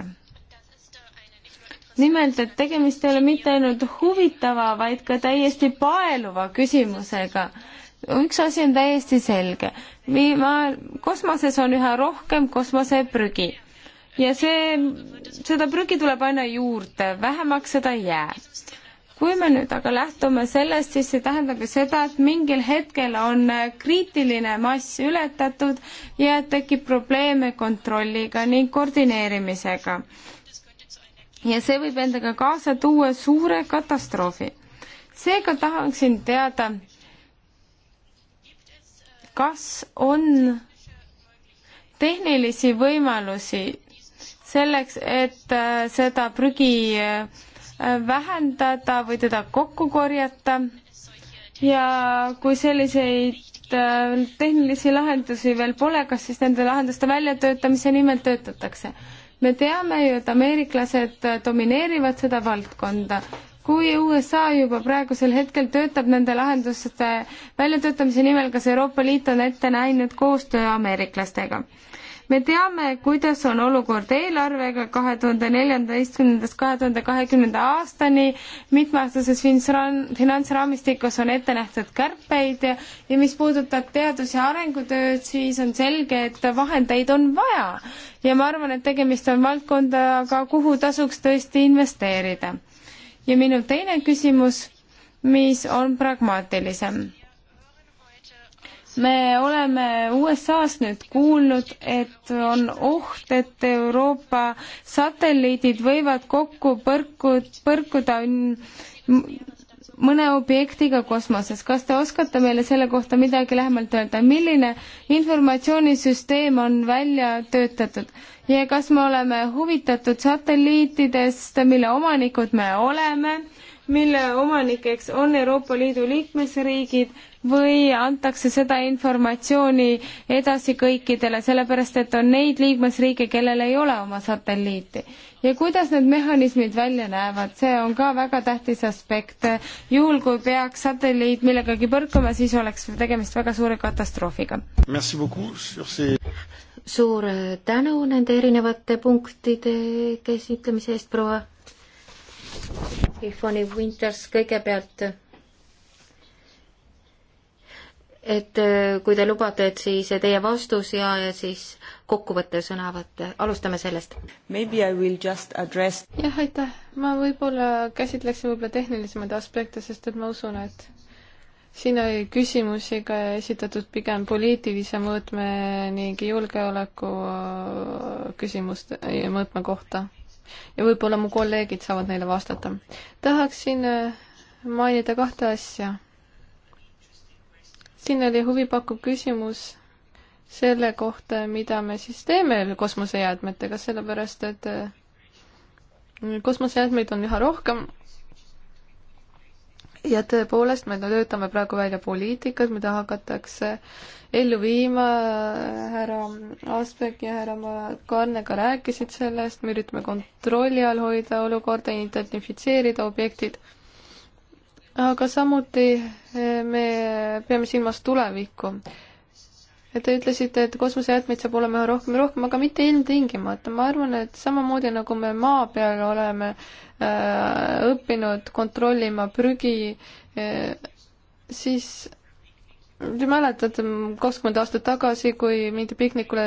nimelt, et tegemist ei ole mitte ainult huvitava, vaid ka täiesti paeluva küsimusega. üks asi on täiesti selge. viima-, kosmoses on üha rohkem kosmoseprügi ja see, seda prügi tuleb aina juurde, vähemaks seda ei jää kui me nüüd aga lähtume sellest, siis see tähendab ju seda, et mingil hetkel on äh, kriitiline mass ületatud ja tekib probleeme kontrolliga ning koordineerimisega. ja see võib endaga kaasa tuua suure katastroofi. seega tahaksin teada, kas on tehnilisi võimalusi selleks, et äh, seda prügi äh, vähendada või teda kokku korjata ja kui selliseid äh, tehnilisi lahendusi veel pole, kas siis nende lahenduste väljatöötamise nimel töötatakse. me teame ju, et ameeriklased äh, domineerivad seda valdkonda. kui USA juba praegusel hetkel töötab nende lahenduste väljatöötamise nimel, kas Euroopa Liit on ette näinud koostöö ameeriklastega? me teame, kuidas on olukord eelarvega kahe tuhande neljandaistkümnendast kahe tuhande kahekümnenda aastani, mitmeaastases finantsraamistikus on ette nähtud kärpeid ja, ja mis puudutab teadus- ja arengutööd, siis on selge, et vahendeid on vaja. ja ma arvan, et tegemist on valdkondaga, kuhu tasuks tõesti investeerida. ja minu teine küsimus, mis on pragmaatilisem me oleme USA-s nüüd kuulnud, et on oht, et Euroopa satelliidid võivad kokku põrkud, põrkuda mõne objektiga kosmoses. kas te oskate meile selle kohta midagi lähemalt öelda, milline informatsioonisüsteem on välja töötatud ja kas me oleme huvitatud satelliitidest, mille omanikud me oleme? mille omanikeks on Euroopa Liidu liikmesriigid või antakse seda informatsiooni edasi kõikidele, sellepärast et on neid liikmesriike, kellel ei ole oma satelliiti. ja kuidas need mehhanismid välja näevad, see on ka väga tähtis aspekt. juhul, kui peaks satelliit millegagi põrkuma, siis oleks tegemist väga suure katastroofiga. suur tänu nende erinevate punktide käsitlemise eest, proua! Ifoni Winters kõigepealt, et äh, kui te lubate, et siis teie vastus ja, ja siis kokkuvõttev sõnavõtt, alustame sellest. Address... jah, aitäh, ma võib-olla käsitleksin võib-olla tehnilisemaid aspekte, sest et ma usun, et siin oli küsimusi ka esitatud pigem poliitilise mõõtme ning julgeoleku äh, küsimuste, mõõtme kohta ja võib-olla mu kolleegid saavad neile vastata. tahaksin äh, mainida kahte asja. siin oli huvipakkuv küsimus selle kohta, mida me siis teeme kosmosejäätmetega, sellepärast et äh, kosmosejäätmeid on üha rohkem ja tõepoolest, me töötame praegu välja poliitikat, mida hakatakse ellu viima, härra Asbek ja härra Karne ka rääkisid sellest, me üritame kontrolli all hoida olukorda, identifitseerida objektid, aga samuti eh, me peame silmas tulevikku. Te ütlesite, et kosmosejäätmeid saab olema üha rohkem ja rohkem, aga mitte ilmtingimata, ma arvan, et samamoodi nagu me maa peal oleme äh, Äh, õppinud kontrollima prügi, äh, siis te mäletate kakskümmend aastat tagasi, kui mindi piknikule,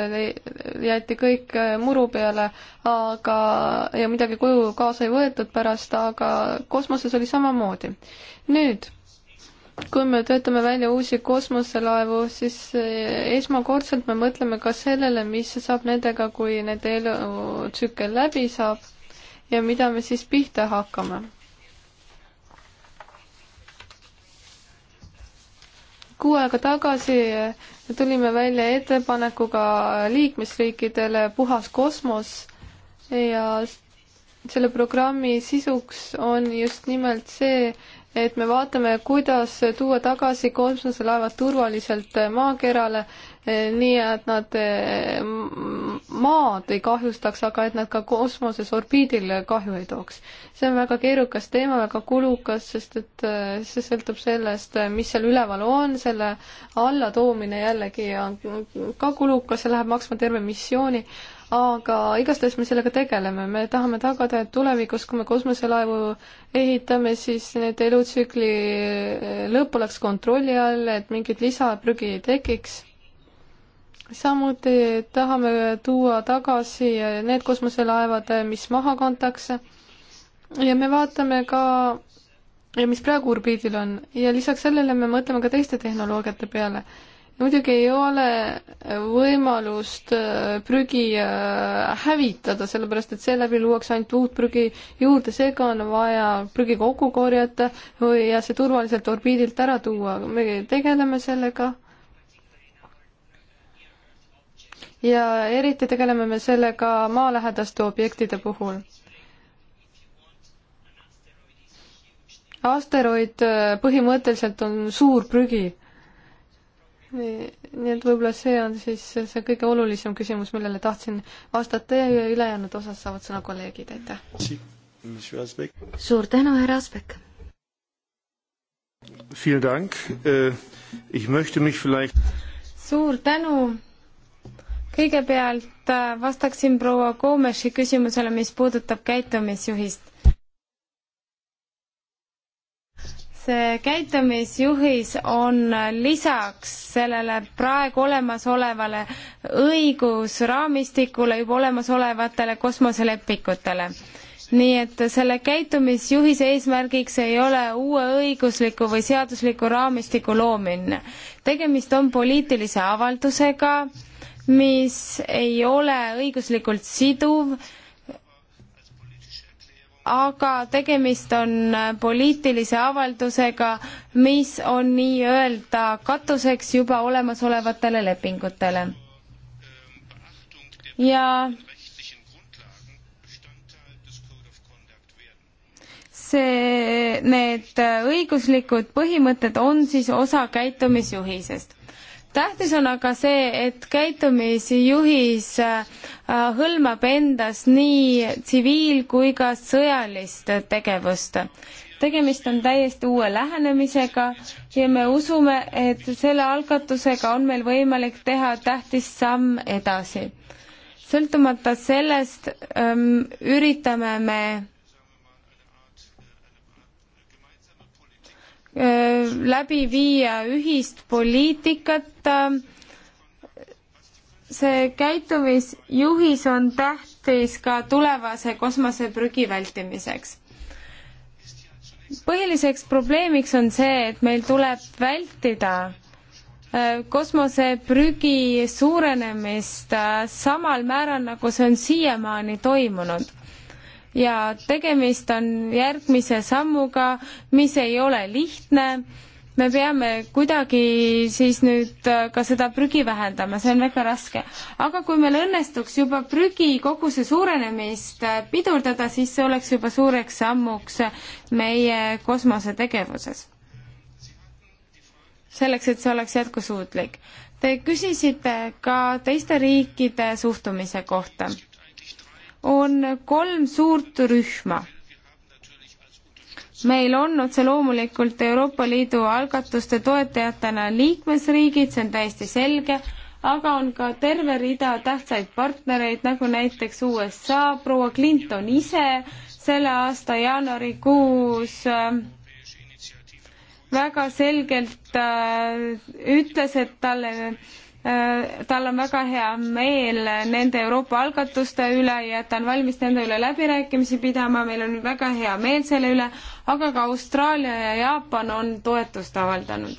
jäeti kõik äh, muru peale, aga, ja midagi koju kaasa ei võetud pärast, aga kosmoses oli samamoodi. nüüd, kui me töötame välja uusi kosmoselaevu, siis esmakordselt me mõtleme ka sellele, mis saab nendega, kui nende elutsükkel läbi saab ja mida me siis pihta hakkame. kuu aega tagasi tulime välja ettepanekuga liikmesriikidele Puhas kosmos ja selle programmi sisuks on just nimelt see, et me vaatame, kuidas tuua tagasi kosmose laevad turvaliselt maakerale, eh, nii et nad eh, maad ei kahjustaks, aga et nad ka kosmoses orbiidil kahju ei tooks. see on väga keerukas teema, väga kulukas, sest et eh, see sõltub sellest, mis seal üleval on, selle alla toomine jällegi on ka kulukas, see läheb maksma terve missiooni aga igastahes me sellega tegeleme, me tahame tagada, et tulevikus, kui me kosmoselaevu ehitame, siis nende elutsükli lõpp oleks kontrolli all, et mingit lisaprügi ei tekiks. samuti tahame tuua tagasi need kosmoselaevad, mis maha kantakse ja me vaatame ka ja mis praegu orbiidil on ja lisaks sellele me mõtleme ka teiste tehnoloogiate peale muidugi ei ole võimalust äh, prügi äh, hävitada, sellepärast et seeläbi luuakse ainult uut prügi juurde, seega on vaja prügi kokku korjata või, ja see turvaliselt orbiidilt ära tuua, me tegeleme sellega. ja eriti tegeleme me sellega maalähedaste objektide puhul asteroid äh, põhimõtteliselt on suur prügi nii et võib-olla see on siis see kõige olulisem küsimus, millele tahtsin vastata ja ülejäänud osas saavad sõna kolleegid, aitäh. suur tänu, härra Asbek. Äh, suur tänu. kõigepealt äh, vastaksin proua Koomeši küsimusele, mis puudutab käitumisjuhist see käitumisjuhis on lisaks sellele praegu olemasolevale õigusraamistikule juba olemasolevatele kosmoselepikutele. nii et selle käitumisjuhise eesmärgiks ei ole uue õigusliku või seadusliku raamistiku loomine. tegemist on poliitilise avaldusega, mis ei ole õiguslikult siduv aga tegemist on poliitilise avaldusega, mis on nii-öelda katuseks juba olemasolevatele lepingutele. ja see, need õiguslikud põhimõtted on siis osa käitumisjuhisest tähtis on aga see, et käitumisjuhis äh, hõlmab endas nii tsiviil- kui ka sõjalist tegevust. tegemist on täiesti uue lähenemisega ja me usume, et selle algatusega on meil võimalik teha tähtis samm edasi. sõltumata sellest ähm, üritame me Äh, läbi viia ühist poliitikat. Äh, see käitumisjuhis on tähtis ka tulevase kosmoseprügi vältimiseks. põhiliseks probleemiks on see, et meil tuleb vältida äh, kosmoseprügi suurenemist samal määral, nagu see on siiamaani toimunud ja tegemist on järgmise sammuga, mis ei ole lihtne. me peame kuidagi siis nüüd äh, ka seda prügi vähendama, see on väga raske. aga kui meil õnnestuks juba prügi koguse suurenemist äh, pidurdada, siis see oleks juba suureks sammuks äh, meie kosmosetegevuses. selleks, et see oleks jätkusuutlik. Te küsisite ka teiste riikide suhtumise kohta on kolm suurt rühma. meil on otse loomulikult Euroopa Liidu algatuste toetajatena liikmesriigid, see on täiesti selge, aga on ka terve rida tähtsaid partnereid, nagu näiteks USA, proua Clinton ise selle aasta jaanuarikuus äh, väga selgelt äh, ütles, et talle Äh, tal on väga hea meel nende Euroopa algatuste üle ja ta on valmis nende üle läbirääkimisi pidama, meil on väga hea meel selle üle, aga ka Austraalia ja Jaapan on toetust avaldanud.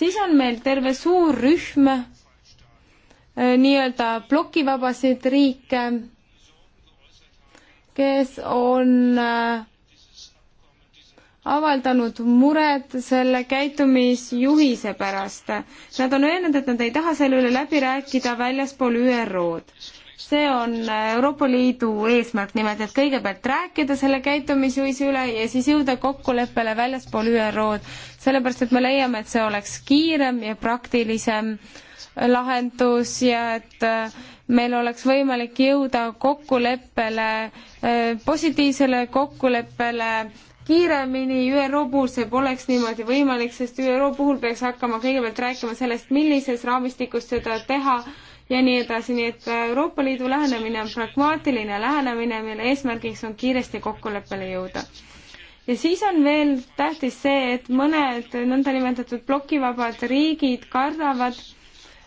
siis on meil terve suur rühm äh, nii-öelda plokivabasid riike, kes on äh, avaldanud muret selle käitumisjuhise pärast. Nad on öelnud, et nad ei taha selle üle läbi rääkida väljaspool ÜRO-d. see on Euroopa Liidu eesmärk nimelt, et kõigepealt rääkida selle käitumisjuhise üle ja siis jõuda kokkuleppele väljaspool ÜRO-d, sellepärast et me leiame, et see oleks kiirem ja praktilisem lahendus ja et äh, meil oleks võimalik jõuda kokkuleppele, äh, positiivsele kokkuleppele kiiremini ÜRO puhul see poleks niimoodi võimalik, sest ÜRO puhul peaks hakkama kõigepealt rääkima sellest, millises raamistikus seda teha ja nii edasi, nii et Euroopa Liidu lähenemine on pragmaatiline lähenemine, mille eesmärgiks on kiiresti kokkuleppele jõuda. ja siis on veel tähtis see, et mõned nõndanimetatud plokivabad riigid kardavad,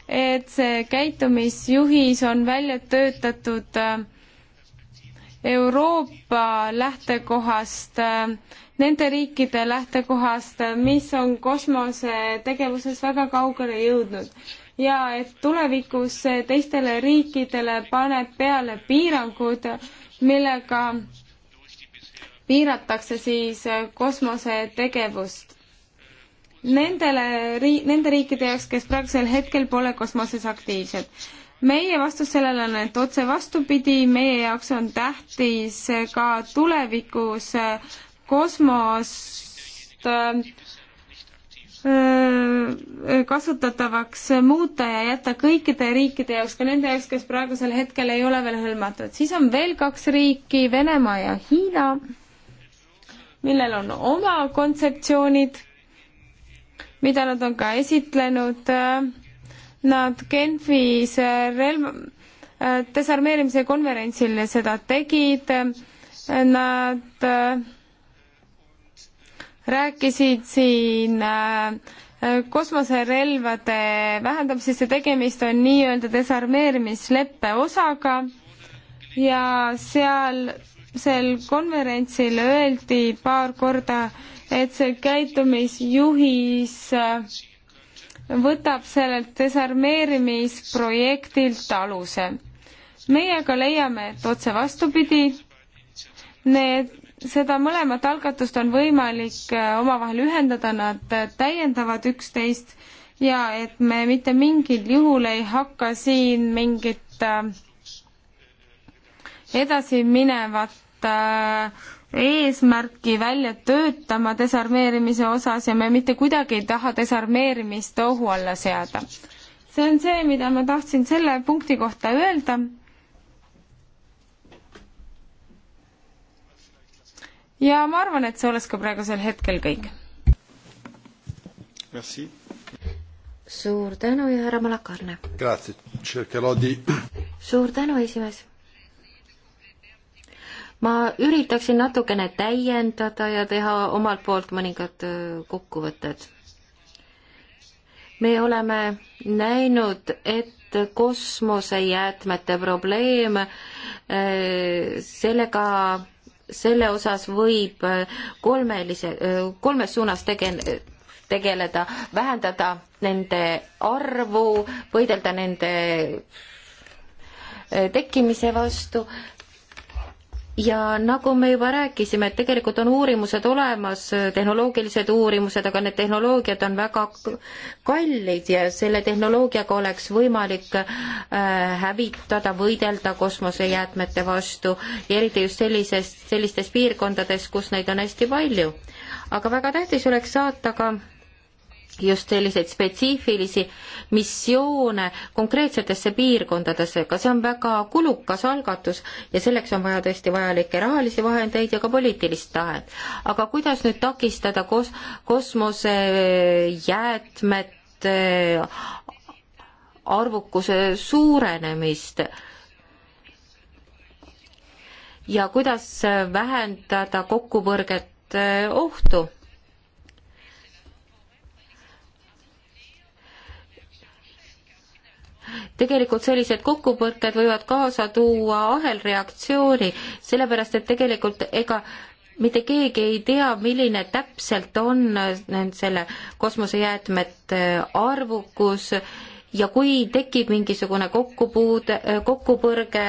et see käitumisjuhis on välja töötatud äh, Euroopa lähtekohast, nende riikide lähtekohast, mis on kosmosetegevuses väga kaugele jõudnud ja et tulevikus teistele riikidele paneb peale piirangud, millega piiratakse siis kosmosetegevust. Nendele ri-, nende riikide jaoks, kes praegusel hetkel pole kosmoses aktiivsed meie vastus sellele on, et otse vastupidi, meie jaoks on tähtis ka tulevikus äh, kosmost äh, äh, kasutatavaks muuta ja jätta kõikide riikide jaoks, ka nende jaoks, kes praegusel hetkel ei ole veel hõlmatud. siis on veel kaks riiki, Venemaa ja Hiina, millel on oma kontseptsioonid, mida nad on ka esitlenud äh, Nad Genfis relva, desarmeerimise konverentsil seda tegid, nad äh, rääkisid siin äh, kosmoserelvade vähendamisest ja tegemist on nii-öelda desarmeerimisleppe osaga ja seal sel konverentsil öeldi paar korda, et see käitumisjuhis äh, võtab sellelt desarmeerimisprojektilt aluse. meie aga leiame, et otse vastupidi, need, seda mõlemat algatust on võimalik äh, omavahel ühendada, nad äh, täiendavad üksteist ja et me mitte mingil juhul ei hakka siin mingit äh, edasiminevat eesmärki välja töötama desarmeerimise osas ja me mitte kuidagi ei taha desarmeerimist ohu alla seada. see on see, mida ma tahtsin selle punkti kohta öelda. ja ma arvan, et see oleks ka praegusel hetkel kõik. suur tänu ja härra Malakarne. suur tänu, esimees ma üritaksin natukene täiendada ja teha omalt poolt mõningad äh, kokkuvõtted. me oleme näinud, et kosmosejäätmete probleem, äh, sellega selle osas võib äh, kolmelise, kolmes suunas tege-, tegeleda, vähendada nende arvu, võidelda nende tekkimise vastu ja nagu me juba rääkisime, et tegelikult on uurimused olemas, tehnoloogilised uurimused, aga need tehnoloogiad on väga kallid ja selle tehnoloogiaga oleks võimalik äh, hävitada, võidelda kosmosejäätmete vastu ja eriti just sellises, sellistes piirkondades, kus neid on hästi palju. aga väga tähtis oleks saata ka just selliseid spetsiifilisi missioone konkreetsetesse piirkondadesse, ka see on väga kulukas algatus ja selleks on vaja tõesti vajalikke rahalisi vahendeid ja ka poliitilist tahet. aga kuidas nüüd takistada kos-, kosmosejäätmete arvukuse suurenemist? ja kuidas vähendada kokkupõrget eh, ohtu? tegelikult sellised kokkupõrked võivad kaasa tuua ahelreaktsiooni, sellepärast et tegelikult ega mitte keegi ei tea, milline täpselt on selle kosmosejäätmete arvukus ja kui tekib mingisugune kokkupuude, kokkupõrge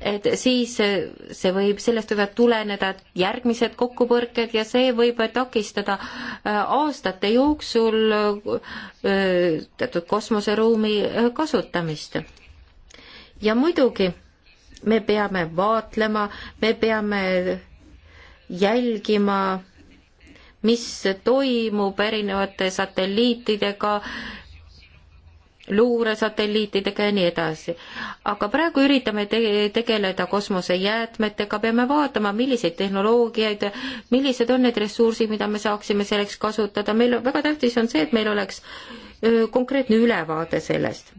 et siis see võib, sellest võivad tuleneda järgmised kokkupõrked ja see võib takistada äh, aastate jooksul äh, teatud kosmoseruumi äh, kasutamist. ja muidugi me peame vaatlema, me peame jälgima, mis toimub erinevate satelliitidega, luuresatelliitidega ja nii edasi. aga praegu üritame te tegeleda kosmosejäätmetega, peame vaatama, milliseid tehnoloogiaid, millised on need ressursid, mida me saaksime selleks kasutada, meil on, väga tähtis on see, et meil oleks öö, konkreetne ülevaade sellest.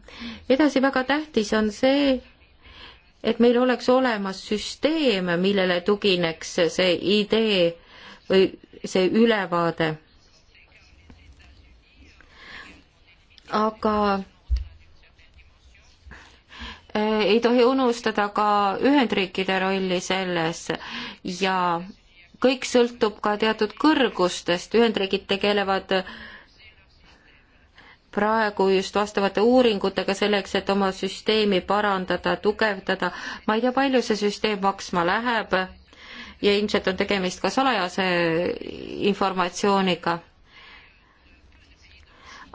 edasi väga tähtis on see, et meil oleks olemas süsteem, millele tugineks see idee või see ülevaade. aga Äh, ei tohi unustada ka Ühendriikide rolli selles ja kõik sõltub ka teatud kõrgustest, Ühendriigid tegelevad praegu just vastavate uuringutega selleks, et oma süsteemi parandada, tugevdada, ma ei tea, palju see süsteem maksma läheb ja ilmselt on tegemist ka salajase informatsiooniga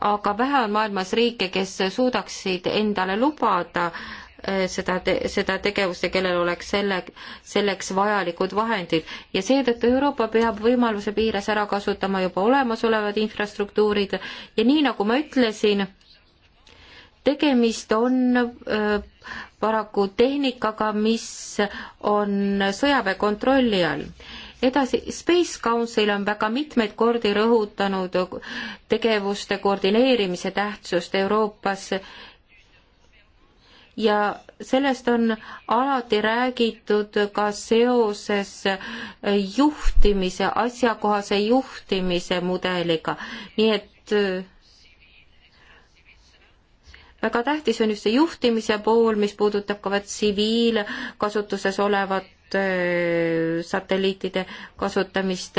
aga vähe on maailmas riike, kes suudaksid endale lubada Äh, seda te,, seda tegevust ja kellel oleks selle, selleks vajalikud vahendid. ja seetõttu Euroopa peab võimaluse piires ära kasutama juba olemasolevad infrastruktuurid ja nii, nagu ma ütlesin, tegemist on öö, äh, paraku tehnikaga, mis on sõjaväe kontrolli all edasi, Space Council on väga mitmeid kordi rõhutanud tegevuste koordineerimise tähtsust Euroopas ja sellest on alati räägitud ka seoses juhtimise, asjakohase juhtimise mudeliga, nii et äh, väga tähtis on just see juhtimise pool, mis puudutab ka vaat tsiviilkasutuses olevat äh, satelliitide kasutamist.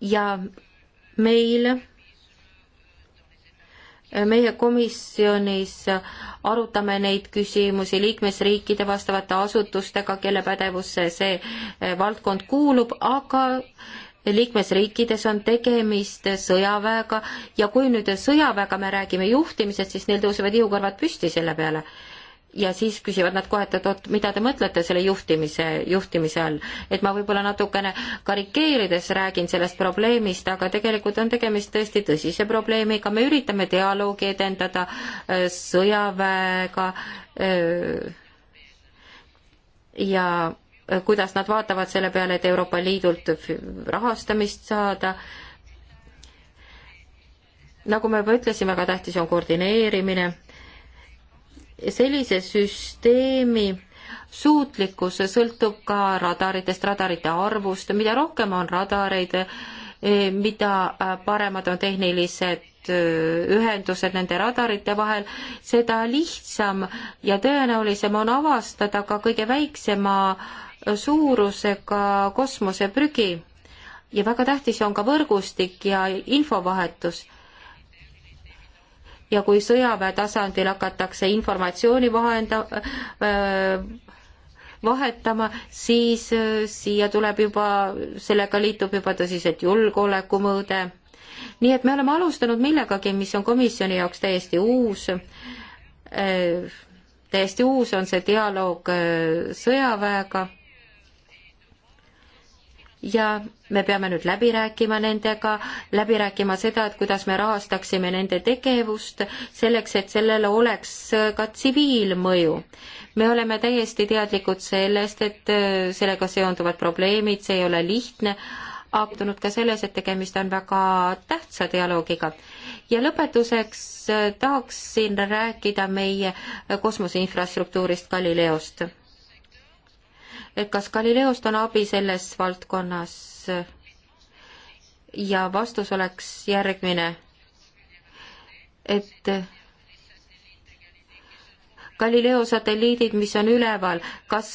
ja meil meie komisjonis arutame neid küsimusi liikmesriikide vastavate asutustega, kelle pädevusse see eh, valdkond kuulub, aga liikmesriikides on tegemist sõjaväega ja kui nüüd sõjaväega me räägime juhtimisest, siis neil tõusevad ihukarvad püsti selle peale ja siis küsivad nad kohe, et oot, mida te mõtlete selle juhtimise, juhtimise all. et ma võib-olla natukene karikeerides räägin sellest probleemist, aga tegelikult on tegemist tõesti tõsise probleemiga, me üritame dialoogi edendada äh, sõjaväega äh, ja äh, kuidas nad vaatavad selle peale, et Euroopa Liidult rahastamist saada nagu ma juba ütlesin, väga tähtis on koordineerimine sellise süsteemi suutlikkus sõltub ka radaritest, radarite arvust, mida rohkem on radareid, eh, mida äh, paremad on tehnilised äh, ühendused nende radarite vahel, seda lihtsam ja tõenäolisem on avastada ka kõige väiksema äh, suurusega kosmoseprügi. ja väga tähtis on ka võrgustik ja infovahetus ja kui sõjaväe tasandil hakatakse informatsiooni vahenda- äh,, vahetama, siis äh, siia tuleb juba, sellega liitub juba tõsiselt julgeolekumõõde. nii et me oleme alustanud millegagi, mis on komisjoni jaoks täiesti uus äh,, täiesti uus on see dialoog äh, sõjaväega ja me peame nüüd läbi rääkima nendega, läbi rääkima seda, et kuidas me rahastaksime nende tegevust, selleks et sellel oleks ka tsiviilmõju. me oleme täiesti teadlikud sellest, et äh, sellega seonduvad probleemid, see ei ole lihtne, aga tulnud ka selles, et tegemist on väga tähtsa dialoogiga. ja lõpetuseks äh, tahaksin rääkida meie äh, kosmoseinfrastruktuurist Galileost et kas Galileost on abi selles valdkonnas ja vastus oleks järgmine, et Galileo satelliidid, mis on üleval, kas,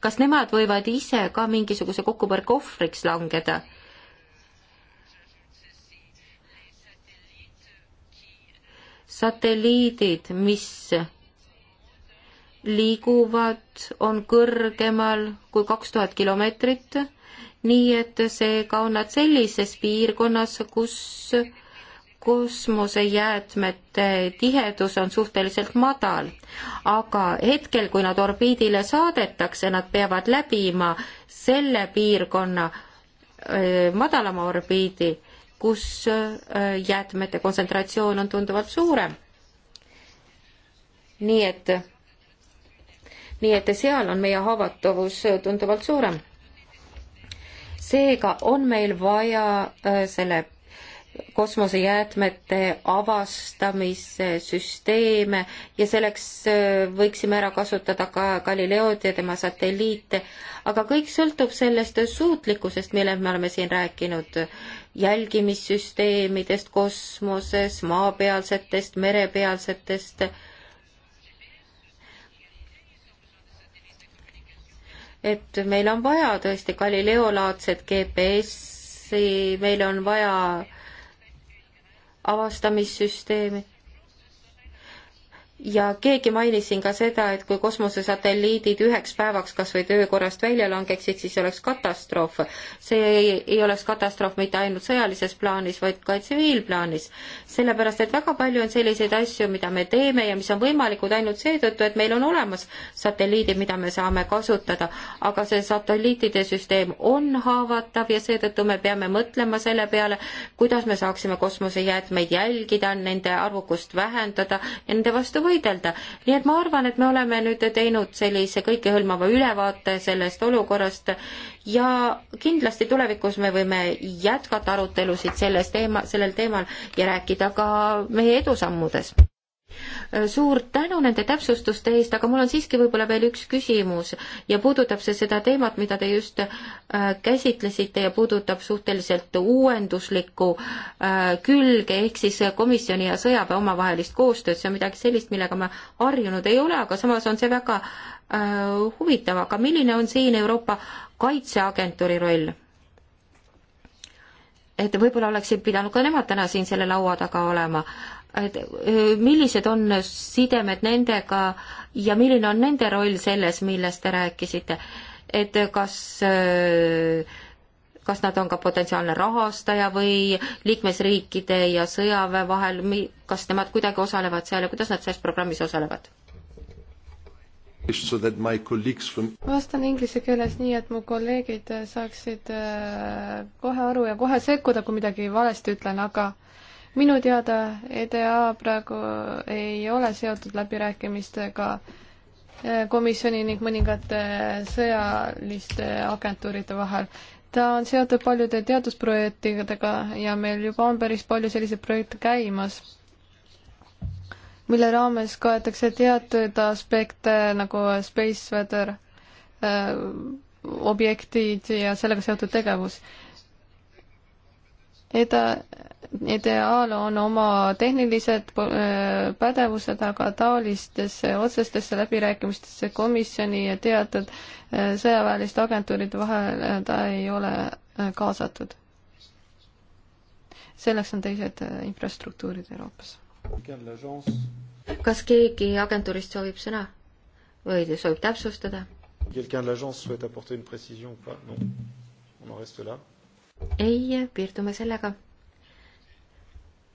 kas nemad võivad ise ka mingisuguse kokkupõrke ohvriks langeda? satelliidid, mis liiguvad, on kõrgemal kui kaks tuhat kilomeetrit, nii et seega on nad sellises piirkonnas, kus kosmosejäätmete tihedus on suhteliselt madal, aga hetkel, kui nad orbiidile saadetakse, nad peavad läbima selle piirkonna öö, äh, madalama orbiidi, kus öö, äh, jäätmete kontsentratsioon on tunduvalt suurem. nii et nii et seal on meie haavatavus äh, tunduvalt suurem. seega on meil vaja äh, selle kosmosejäätmete avastamise süsteeme ja selleks äh, võiksime ära kasutada ka Galileod ja tema satelliite, aga kõik sõltub sellest suutlikkusest, millest me oleme siin rääkinud, jälgimissüsteemidest kosmoses, maapealsetest, merepealsetest et meil on vaja tõesti Galileo-laadset GPS-i, meil on vaja avastamissüsteemi ja keegi mainis siin ka seda, et kui kosmosesatelliidid üheks päevaks kas või töökorrast välja langeksid, siis oleks katastroof. see ei, ei oleks katastroof mitte ainult sõjalises plaanis, vaid ka tsiviilplaanis. sellepärast, et väga palju on selliseid asju, mida me teeme ja mis on võimalikud ainult seetõttu, et meil on olemas satelliidid, mida me saame kasutada. aga see satelliitide süsteem on haavatav ja seetõttu me peame mõtlema selle peale, kuidas me saaksime kosmosejäätmeid jälgida, nende arvukust vähendada ja nende vastu võidelda võidelda. nii et ma arvan, et me oleme nüüd teinud sellise kõikehõlmava ülevaate sellest olukorrast ja kindlasti tulevikus me võime jätkata arutelusid selles teema, sellel teemal ja rääkida ka meie edusammudes. Äh, suur tänu nende täpsustuste eest, aga mul on siiski võib-olla veel üks küsimus ja puudutab see seda teemat, mida te just äh, käsitlesite ja puudutab suhteliselt uuenduslikku äh, külge, ehk siis komisjoni ja sõjaväe omavahelist koostööd, see on midagi sellist, millega me harjunud ei ole, aga samas on see väga huvitav, aga milline on siin Euroopa Kaitseagentuuri roll? et võib-olla oleksid pidanud ka nemad täna siin selle laua taga olema et millised on sidemed nendega ja milline on nende roll selles, millest te rääkisite, et kas kas nad on ka potentsiaalne rahastaja või liikmesriikide ja sõjaväe vahel, kas nemad kuidagi osalevad seal ja kuidas nad selles programmis osalevad? From... vastan inglise keeles nii, et mu kolleegid saaksid kohe aru ja kohe sekkuda, kui midagi valesti ütlen, aga äh, minu teada EDA praegu ei ole seotud läbirääkimistega eh, komisjoni ning mõningate sõjaliste agentuuride vahel. ta on seotud paljude teadusprojektidega ja meil juba on päris palju selliseid projekte käimas, mille raames kaetakse teatud aspekte nagu space weather eh, objektid ja sellega seotud tegevus Eda-, ideaal on oma tehnilised äh, pädevused, aga taolistesse otsestesse läbirääkimistesse komisjoni ja teatud äh, sõjaväeliste agentuuride vahel äh, ta ei ole kaasatud. selleks on teised infrastruktuurid Euroopas. kas keegi agentuurist soovib sõna või soovib täpsustada? Quelqu'un de l'agence souhaite apporter une précision ou pas Non On en reste là ei, piirdume sellega.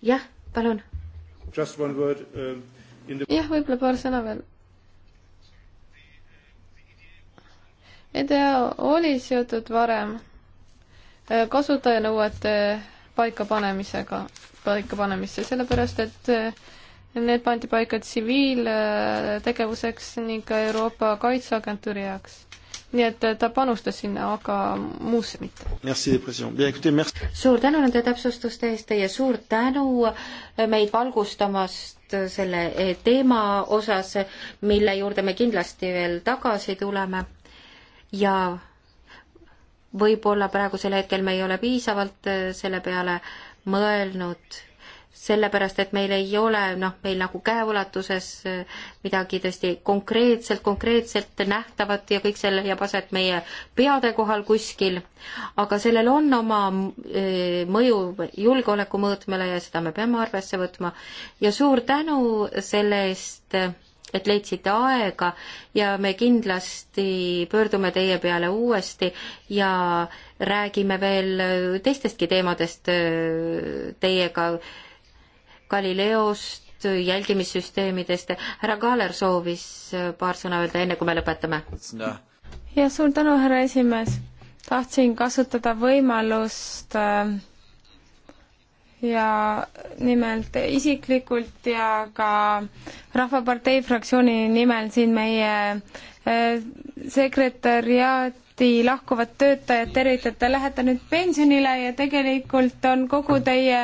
jah, palun. Um, jah, võib-olla paar sõna veel. EDA oli seotud varem äh, kasutajanõuete paikapanemisega, paikapanemisse, sellepärast et äh, need pandi paika tsiviiltegevuseks äh, ning ka Euroopa Kaitseagentuuri jaoks nii et äh, ta panustas sinna, aga muusse mitte. suur tänu nende täpsustuste eest ja suur tänu äh, meid valgustamast äh, selle teema osas, mille juurde me kindlasti veel tagasi tuleme ja võib-olla praegusel hetkel me ei ole piisavalt selle peale mõelnud sellepärast, et meil ei ole noh, meil nagu käeulatuses eh, midagi tõesti konkreetselt, konkreetselt nähtavat ja kõik see leiab aset meie peade kohal kuskil, aga sellel on oma eh, mõju julgeolekumõõtmele ja seda me peame arvesse võtma. ja suur tänu selle eest, eh, et leidsite aega ja me kindlasti pöördume teie peale uuesti ja räägime veel teistestki teemadest teiega Galileost, jälgimissüsteemidest. härra Kaaler soovis äh, paar sõna öelda, enne kui me lõpetame. ja suur tänu, härra esimees. tahtsin kasutada võimalust äh, ja nimelt isiklikult ja ka Rahvapartei fraktsiooni nimel siin meie äh, sekretäriaat lahti lahkuvat töötajat tervitate, lähete nüüd pensionile ja tegelikult on kogu teie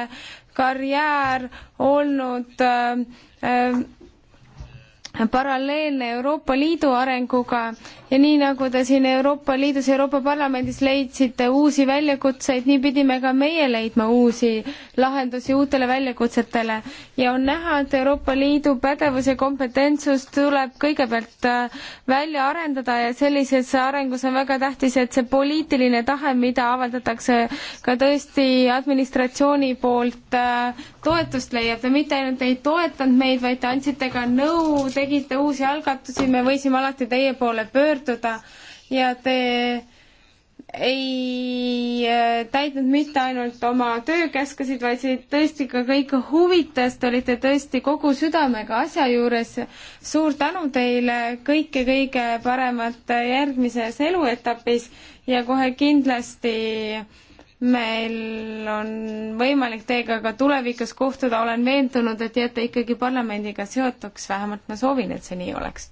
karjäär olnud äh, äh, paralleelne Euroopa Liidu arenguga ja nii nagu te siin Euroopa Liidus, Euroopa Parlamendis leidsite uusi väljakutseid, nii pidime ka meie leidma uusi lahendusi uutele väljakutsetele. ja on näha, et Euroopa Liidu pädevus ja kompetentsus tuleb kõigepealt äh, välja arendada ja sellises arengus on väga tähtis, et see poliitiline tahe, mida avaldatakse ka tõesti administratsiooni poolt äh, toetust leiab, te mitte ainult ei toetanud meid, vaid te andsite ka nõu, tegite uusi algatusi, me võisime alati teie poole pöörduda pöörduda ja te ei äh, täitnud mitte ainult oma töökäskesid, vaid see tõesti ka kõike huvitas, te olite tõesti kogu südamega asja juures. suur tänu teile, kõike kõige paremat järgmises eluetapis ja kohe kindlasti meil on võimalik teiega ka tulevikus kohtuda, olen veendunud, et jääte ikkagi parlamendiga seotuks, vähemalt ma soovin, et see nii oleks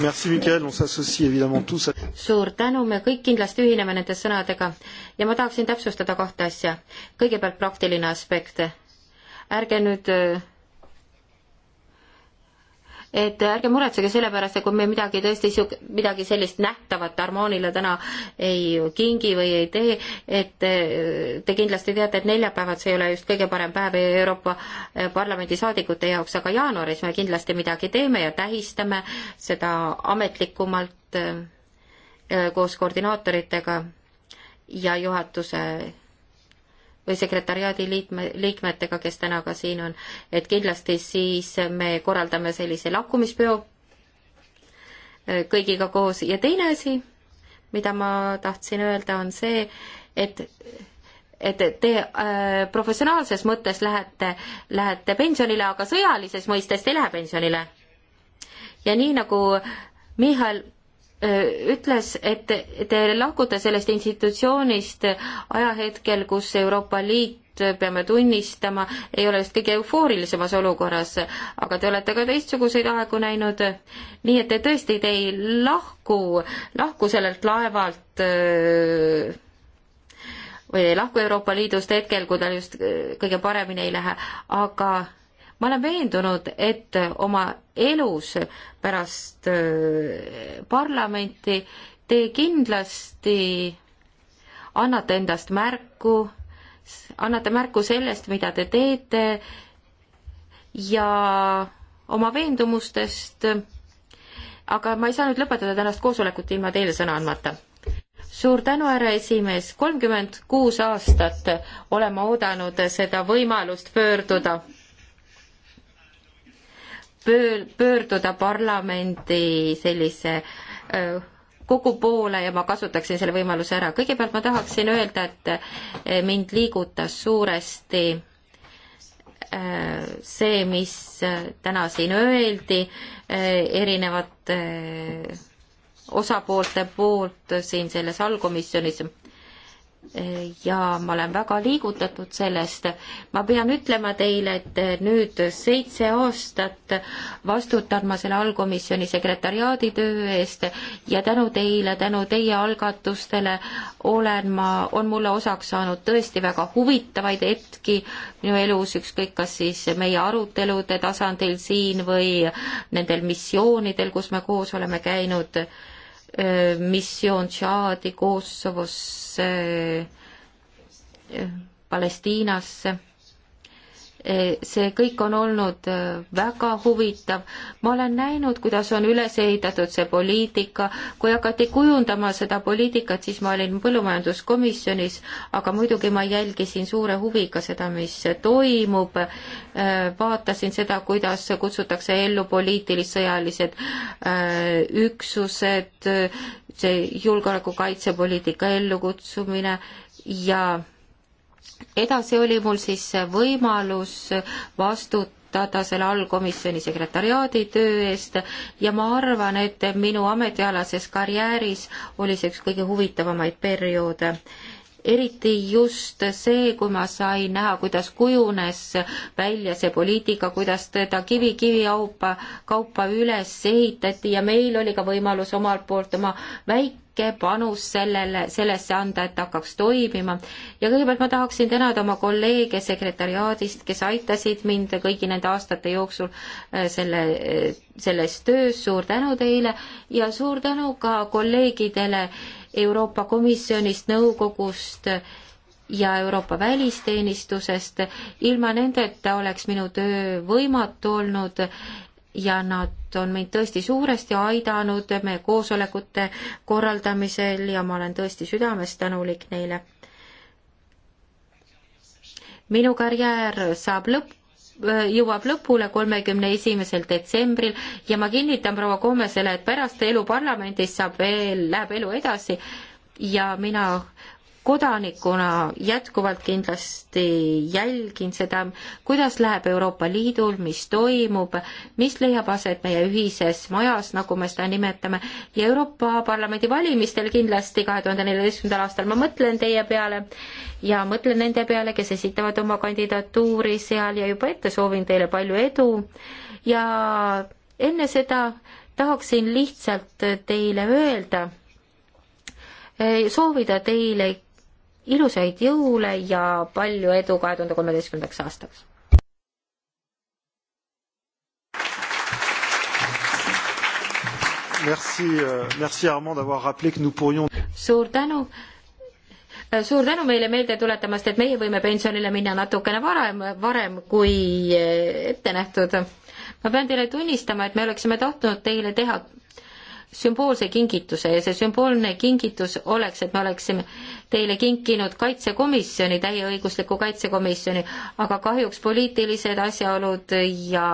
Merci, Mikael, on s'associe évidemment tous. suur tänu, me kõik kindlasti ühineme nende sõnadega ja ma tahaksin täpsustada kahte asja. kõigepealt praktiline aspekt. ärge nüüd äh, et ärge muretsege selle pärast, et kui me midagi tõesti siuk-, midagi sellist nähtavat Armonile täna ei kingi või ei tee, et eh, te kindlasti teate, et neljapäevad, see ei ole just kõige parem päev Euroopa eh, Parlamendi saadikute jaoks, aga jaanuaris me kindlasti midagi teeme ja tähistame seda ametlikumalt eh, koos koordinaatoritega ja juhatuse või sekretariaadi liikme, liikmetega, kes täna ka siin on, et kindlasti siis me korraldame sellise lakkumispeo äh, kõigiga koos ja teine asi, mida ma tahtsin öelda, on see, et et te äh, professionaalses mõttes lähete, lähete pensionile, aga sõjalises mõistes te ei lähe pensionile. ja nii nagu Michal ütles, et te lahkute sellest institutsioonist ajahetkel, kus Euroopa Liit peame tunnistama, ei ole vist kõige eufoorilisemas olukorras, aga te olete ka teistsuguseid aegu näinud. nii et te tõesti, te ei lahku, lahku sellelt laevalt või ei lahku Euroopa Liidust hetkel, kui tal just kõige paremini ei lähe, aga ma olen veendunud, et oma elus pärast äh, parlamenti te kindlasti annate endast märku, annate märku sellest, mida te teete ja oma veendumustest, aga ma ei saa nüüd lõpetada tänast koosolekut ilma teile sõna andmata suur tänu, härra esimees, kolmkümmend kuus aastat olen ma oodanud seda võimalust pöörduda pöör-, pöörduda parlamendi sellise öö, kogu poole ja ma kasutaksin selle võimaluse ära. kõigepealt ma tahaksin öelda, et e, mind liigutas suuresti e, see, mis täna siin öeldi e, erinevate osapoolte poolt siin selles allkomisjonis ja ma olen väga liigutatud sellest. ma pean ütlema teile, et nüüd seitse aastat vastutan ma selle allkomisjoni sekretariaadi töö eest ja tänu teile, tänu teie algatustele olen ma, on mulle osaks saanud tõesti väga huvitavaid hetki minu elus, ükskõik kas siis meie arutelude tasandil siin või nendel missioonidel, kus me koos oleme käinud Äh, missioon Tšaadi, Kosovosse, äh, Palestiinasse Eh, see kõik on olnud eh, väga huvitav. ma olen näinud, kuidas on üles ehitatud see poliitika, kui hakati kujundama seda poliitikat, siis ma olin põllumajanduskomisjonis, aga muidugi ma jälgisin suure huviga seda, mis toimub, eh, vaatasin seda, kuidas kutsutakse ellu poliitilis-sõjalised üksused, see julgeoleku kaitsepoliitika ellukutsumine ja edasi oli mul siis võimalus vastutada selle allkomisjoni sekretariaadi töö eest ja ma arvan, et minu ametialases karjääris oli see üks kõige huvitavamaid perioode eriti just see, kui ma sain näha, kuidas kujunes välja see poliitika, kuidas teda kivi kivi kaupa, kaupa üles ehitati ja meil oli ka võimalus omalt poolt oma väik-, väike panus sellele, sellesse anda, et hakkaks toimima. ja kõigepealt ma tahaksin tänada oma kolleege sekretariaadist, kes aitasid mind kõigi nende aastate jooksul äh, selle, äh, selles töös, suur tänu teile ja suur tänu ka kolleegidele Euroopa Komisjonist, nõukogust, ja Euroopa välisteenistusest. ilma nendeta oleks minu töö võimatu olnud ja nad on mind tõesti suuresti aidanud meie koosolekute korraldamisel ja ma olen tõesti südamest tänulik neile. minu karjäär saab lõpp, äh, jõuab lõpule kolmekümne esimesel detsembril ja ma kinnitan proua Koomesele, et pärast elu parlamendis saab veel, läheb elu edasi ja mina kodanikuna jätkuvalt kindlasti jälgin seda, kuidas läheb Euroopa Liidul, mis toimub, mis leiab aset meie ühises majas, nagu me seda nimetame, ja Euroopa Parlamendi valimistel kindlasti kahe tuhande neljateistkümnendal aastal ma mõtlen teie peale ja mõtlen nende peale, kes esitavad oma kandidatuuri seal ja juba ette soovin teile palju edu ja enne seda tahaksin lihtsalt teile öelda, soovida teile ilusaid jõule ja palju edu kahe tuhande kolmeteistkümnendaks aastaks! Merci, euh, merci Armand d'avoir rappelé que nous pourrions... suur tänu, äh, suur tänu meile meelde tuletamast, et meie võime pensionile minna natukene varem, varem kui äh, ette nähtud. ma pean teile tunnistama, et me oleksime tahtnud teile teha sümboolse kingituse ja see sümboolne kingitus oleks, et me oleksime teile kinkinud kaitsekomisjoni, täieõigusliku kaitsekomisjoni, aga kahjuks poliitilised asjaolud ja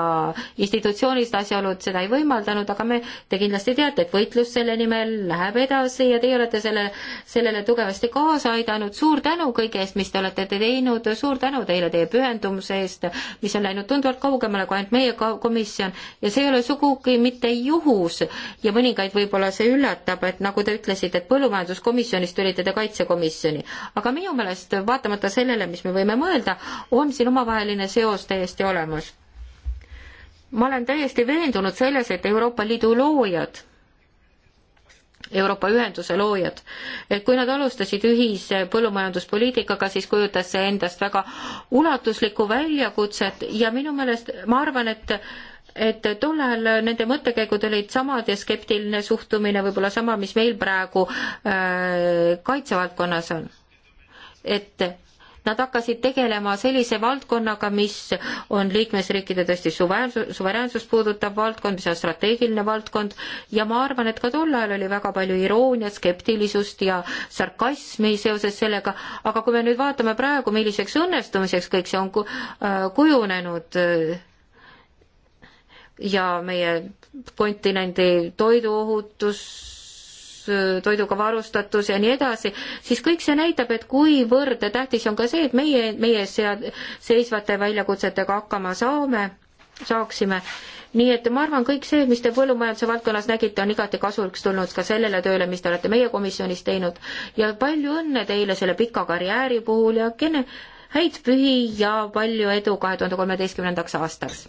institutsioonilised asjaolud seda ei võimaldanud, aga me, te kindlasti teate, et võitlus selle nimel läheb edasi ja teie olete selle, sellele tugevasti kaasa aidanud, suur tänu kõige eest, mis te olete teinud, suur tänu teile teie pühendumuse eest, mis on läinud tunduvalt kaugemale kui ainult meie komisjon ja see ei ole sugugi mitte juhus ja mõningaid võib-olla see üllatab, et nagu te ütlesite, et põllumajanduskomisjonist tulite te kaitsekomisjoni, komisjoni. aga minu meelest, vaatamata sellele, mis me võime mõelda, on siin omavaheline seos täiesti olemas. ma olen täiesti veendunud selles, et Euroopa Liidu loojad Euroopa ühenduse loojad. et kui nad alustasid ühise põllumajanduspoliitikaga, siis kujutas see endast väga ulatuslikku väljakutset ja minu meelest ma arvan, et et tol ajal nende mõttekäigud olid samad ja skeptiline suhtumine võib-olla sama, mis meil praegu äh, kaitsevaldkonnas on. et nad hakkasid tegelema sellise valdkonnaga, mis on liikmesriikide tõesti suveräänsus, suveräänsust puudutav valdkond, mis on strateegiline valdkond ja ma arvan, et ka tol ajal oli väga palju irooniat, skeptilisust ja sarkasmi seoses sellega, aga kui me nüüd vaatame praegu, milliseks õnnestumiseks kõik see on äh, kujunenud, äh, ja meie kontinendi toiduohutus, toiduga varustatus ja nii edasi, siis kõik see näitab, et kuivõrd tähtis on ka see, et meie, meie sead-, seisvate väljakutsetega hakkama saame, saaksime nii et ma arvan, kõik see, mis te põllumajanduse valdkonnas nägite, on igati kasuliks tulnud ka sellele tööle, mis te olete meie komisjonis teinud ja palju õnne teile selle pika karjääri puhul ja kene häid pühi ja palju edu kahe tuhande kolmeteistkümnendaks aastaks!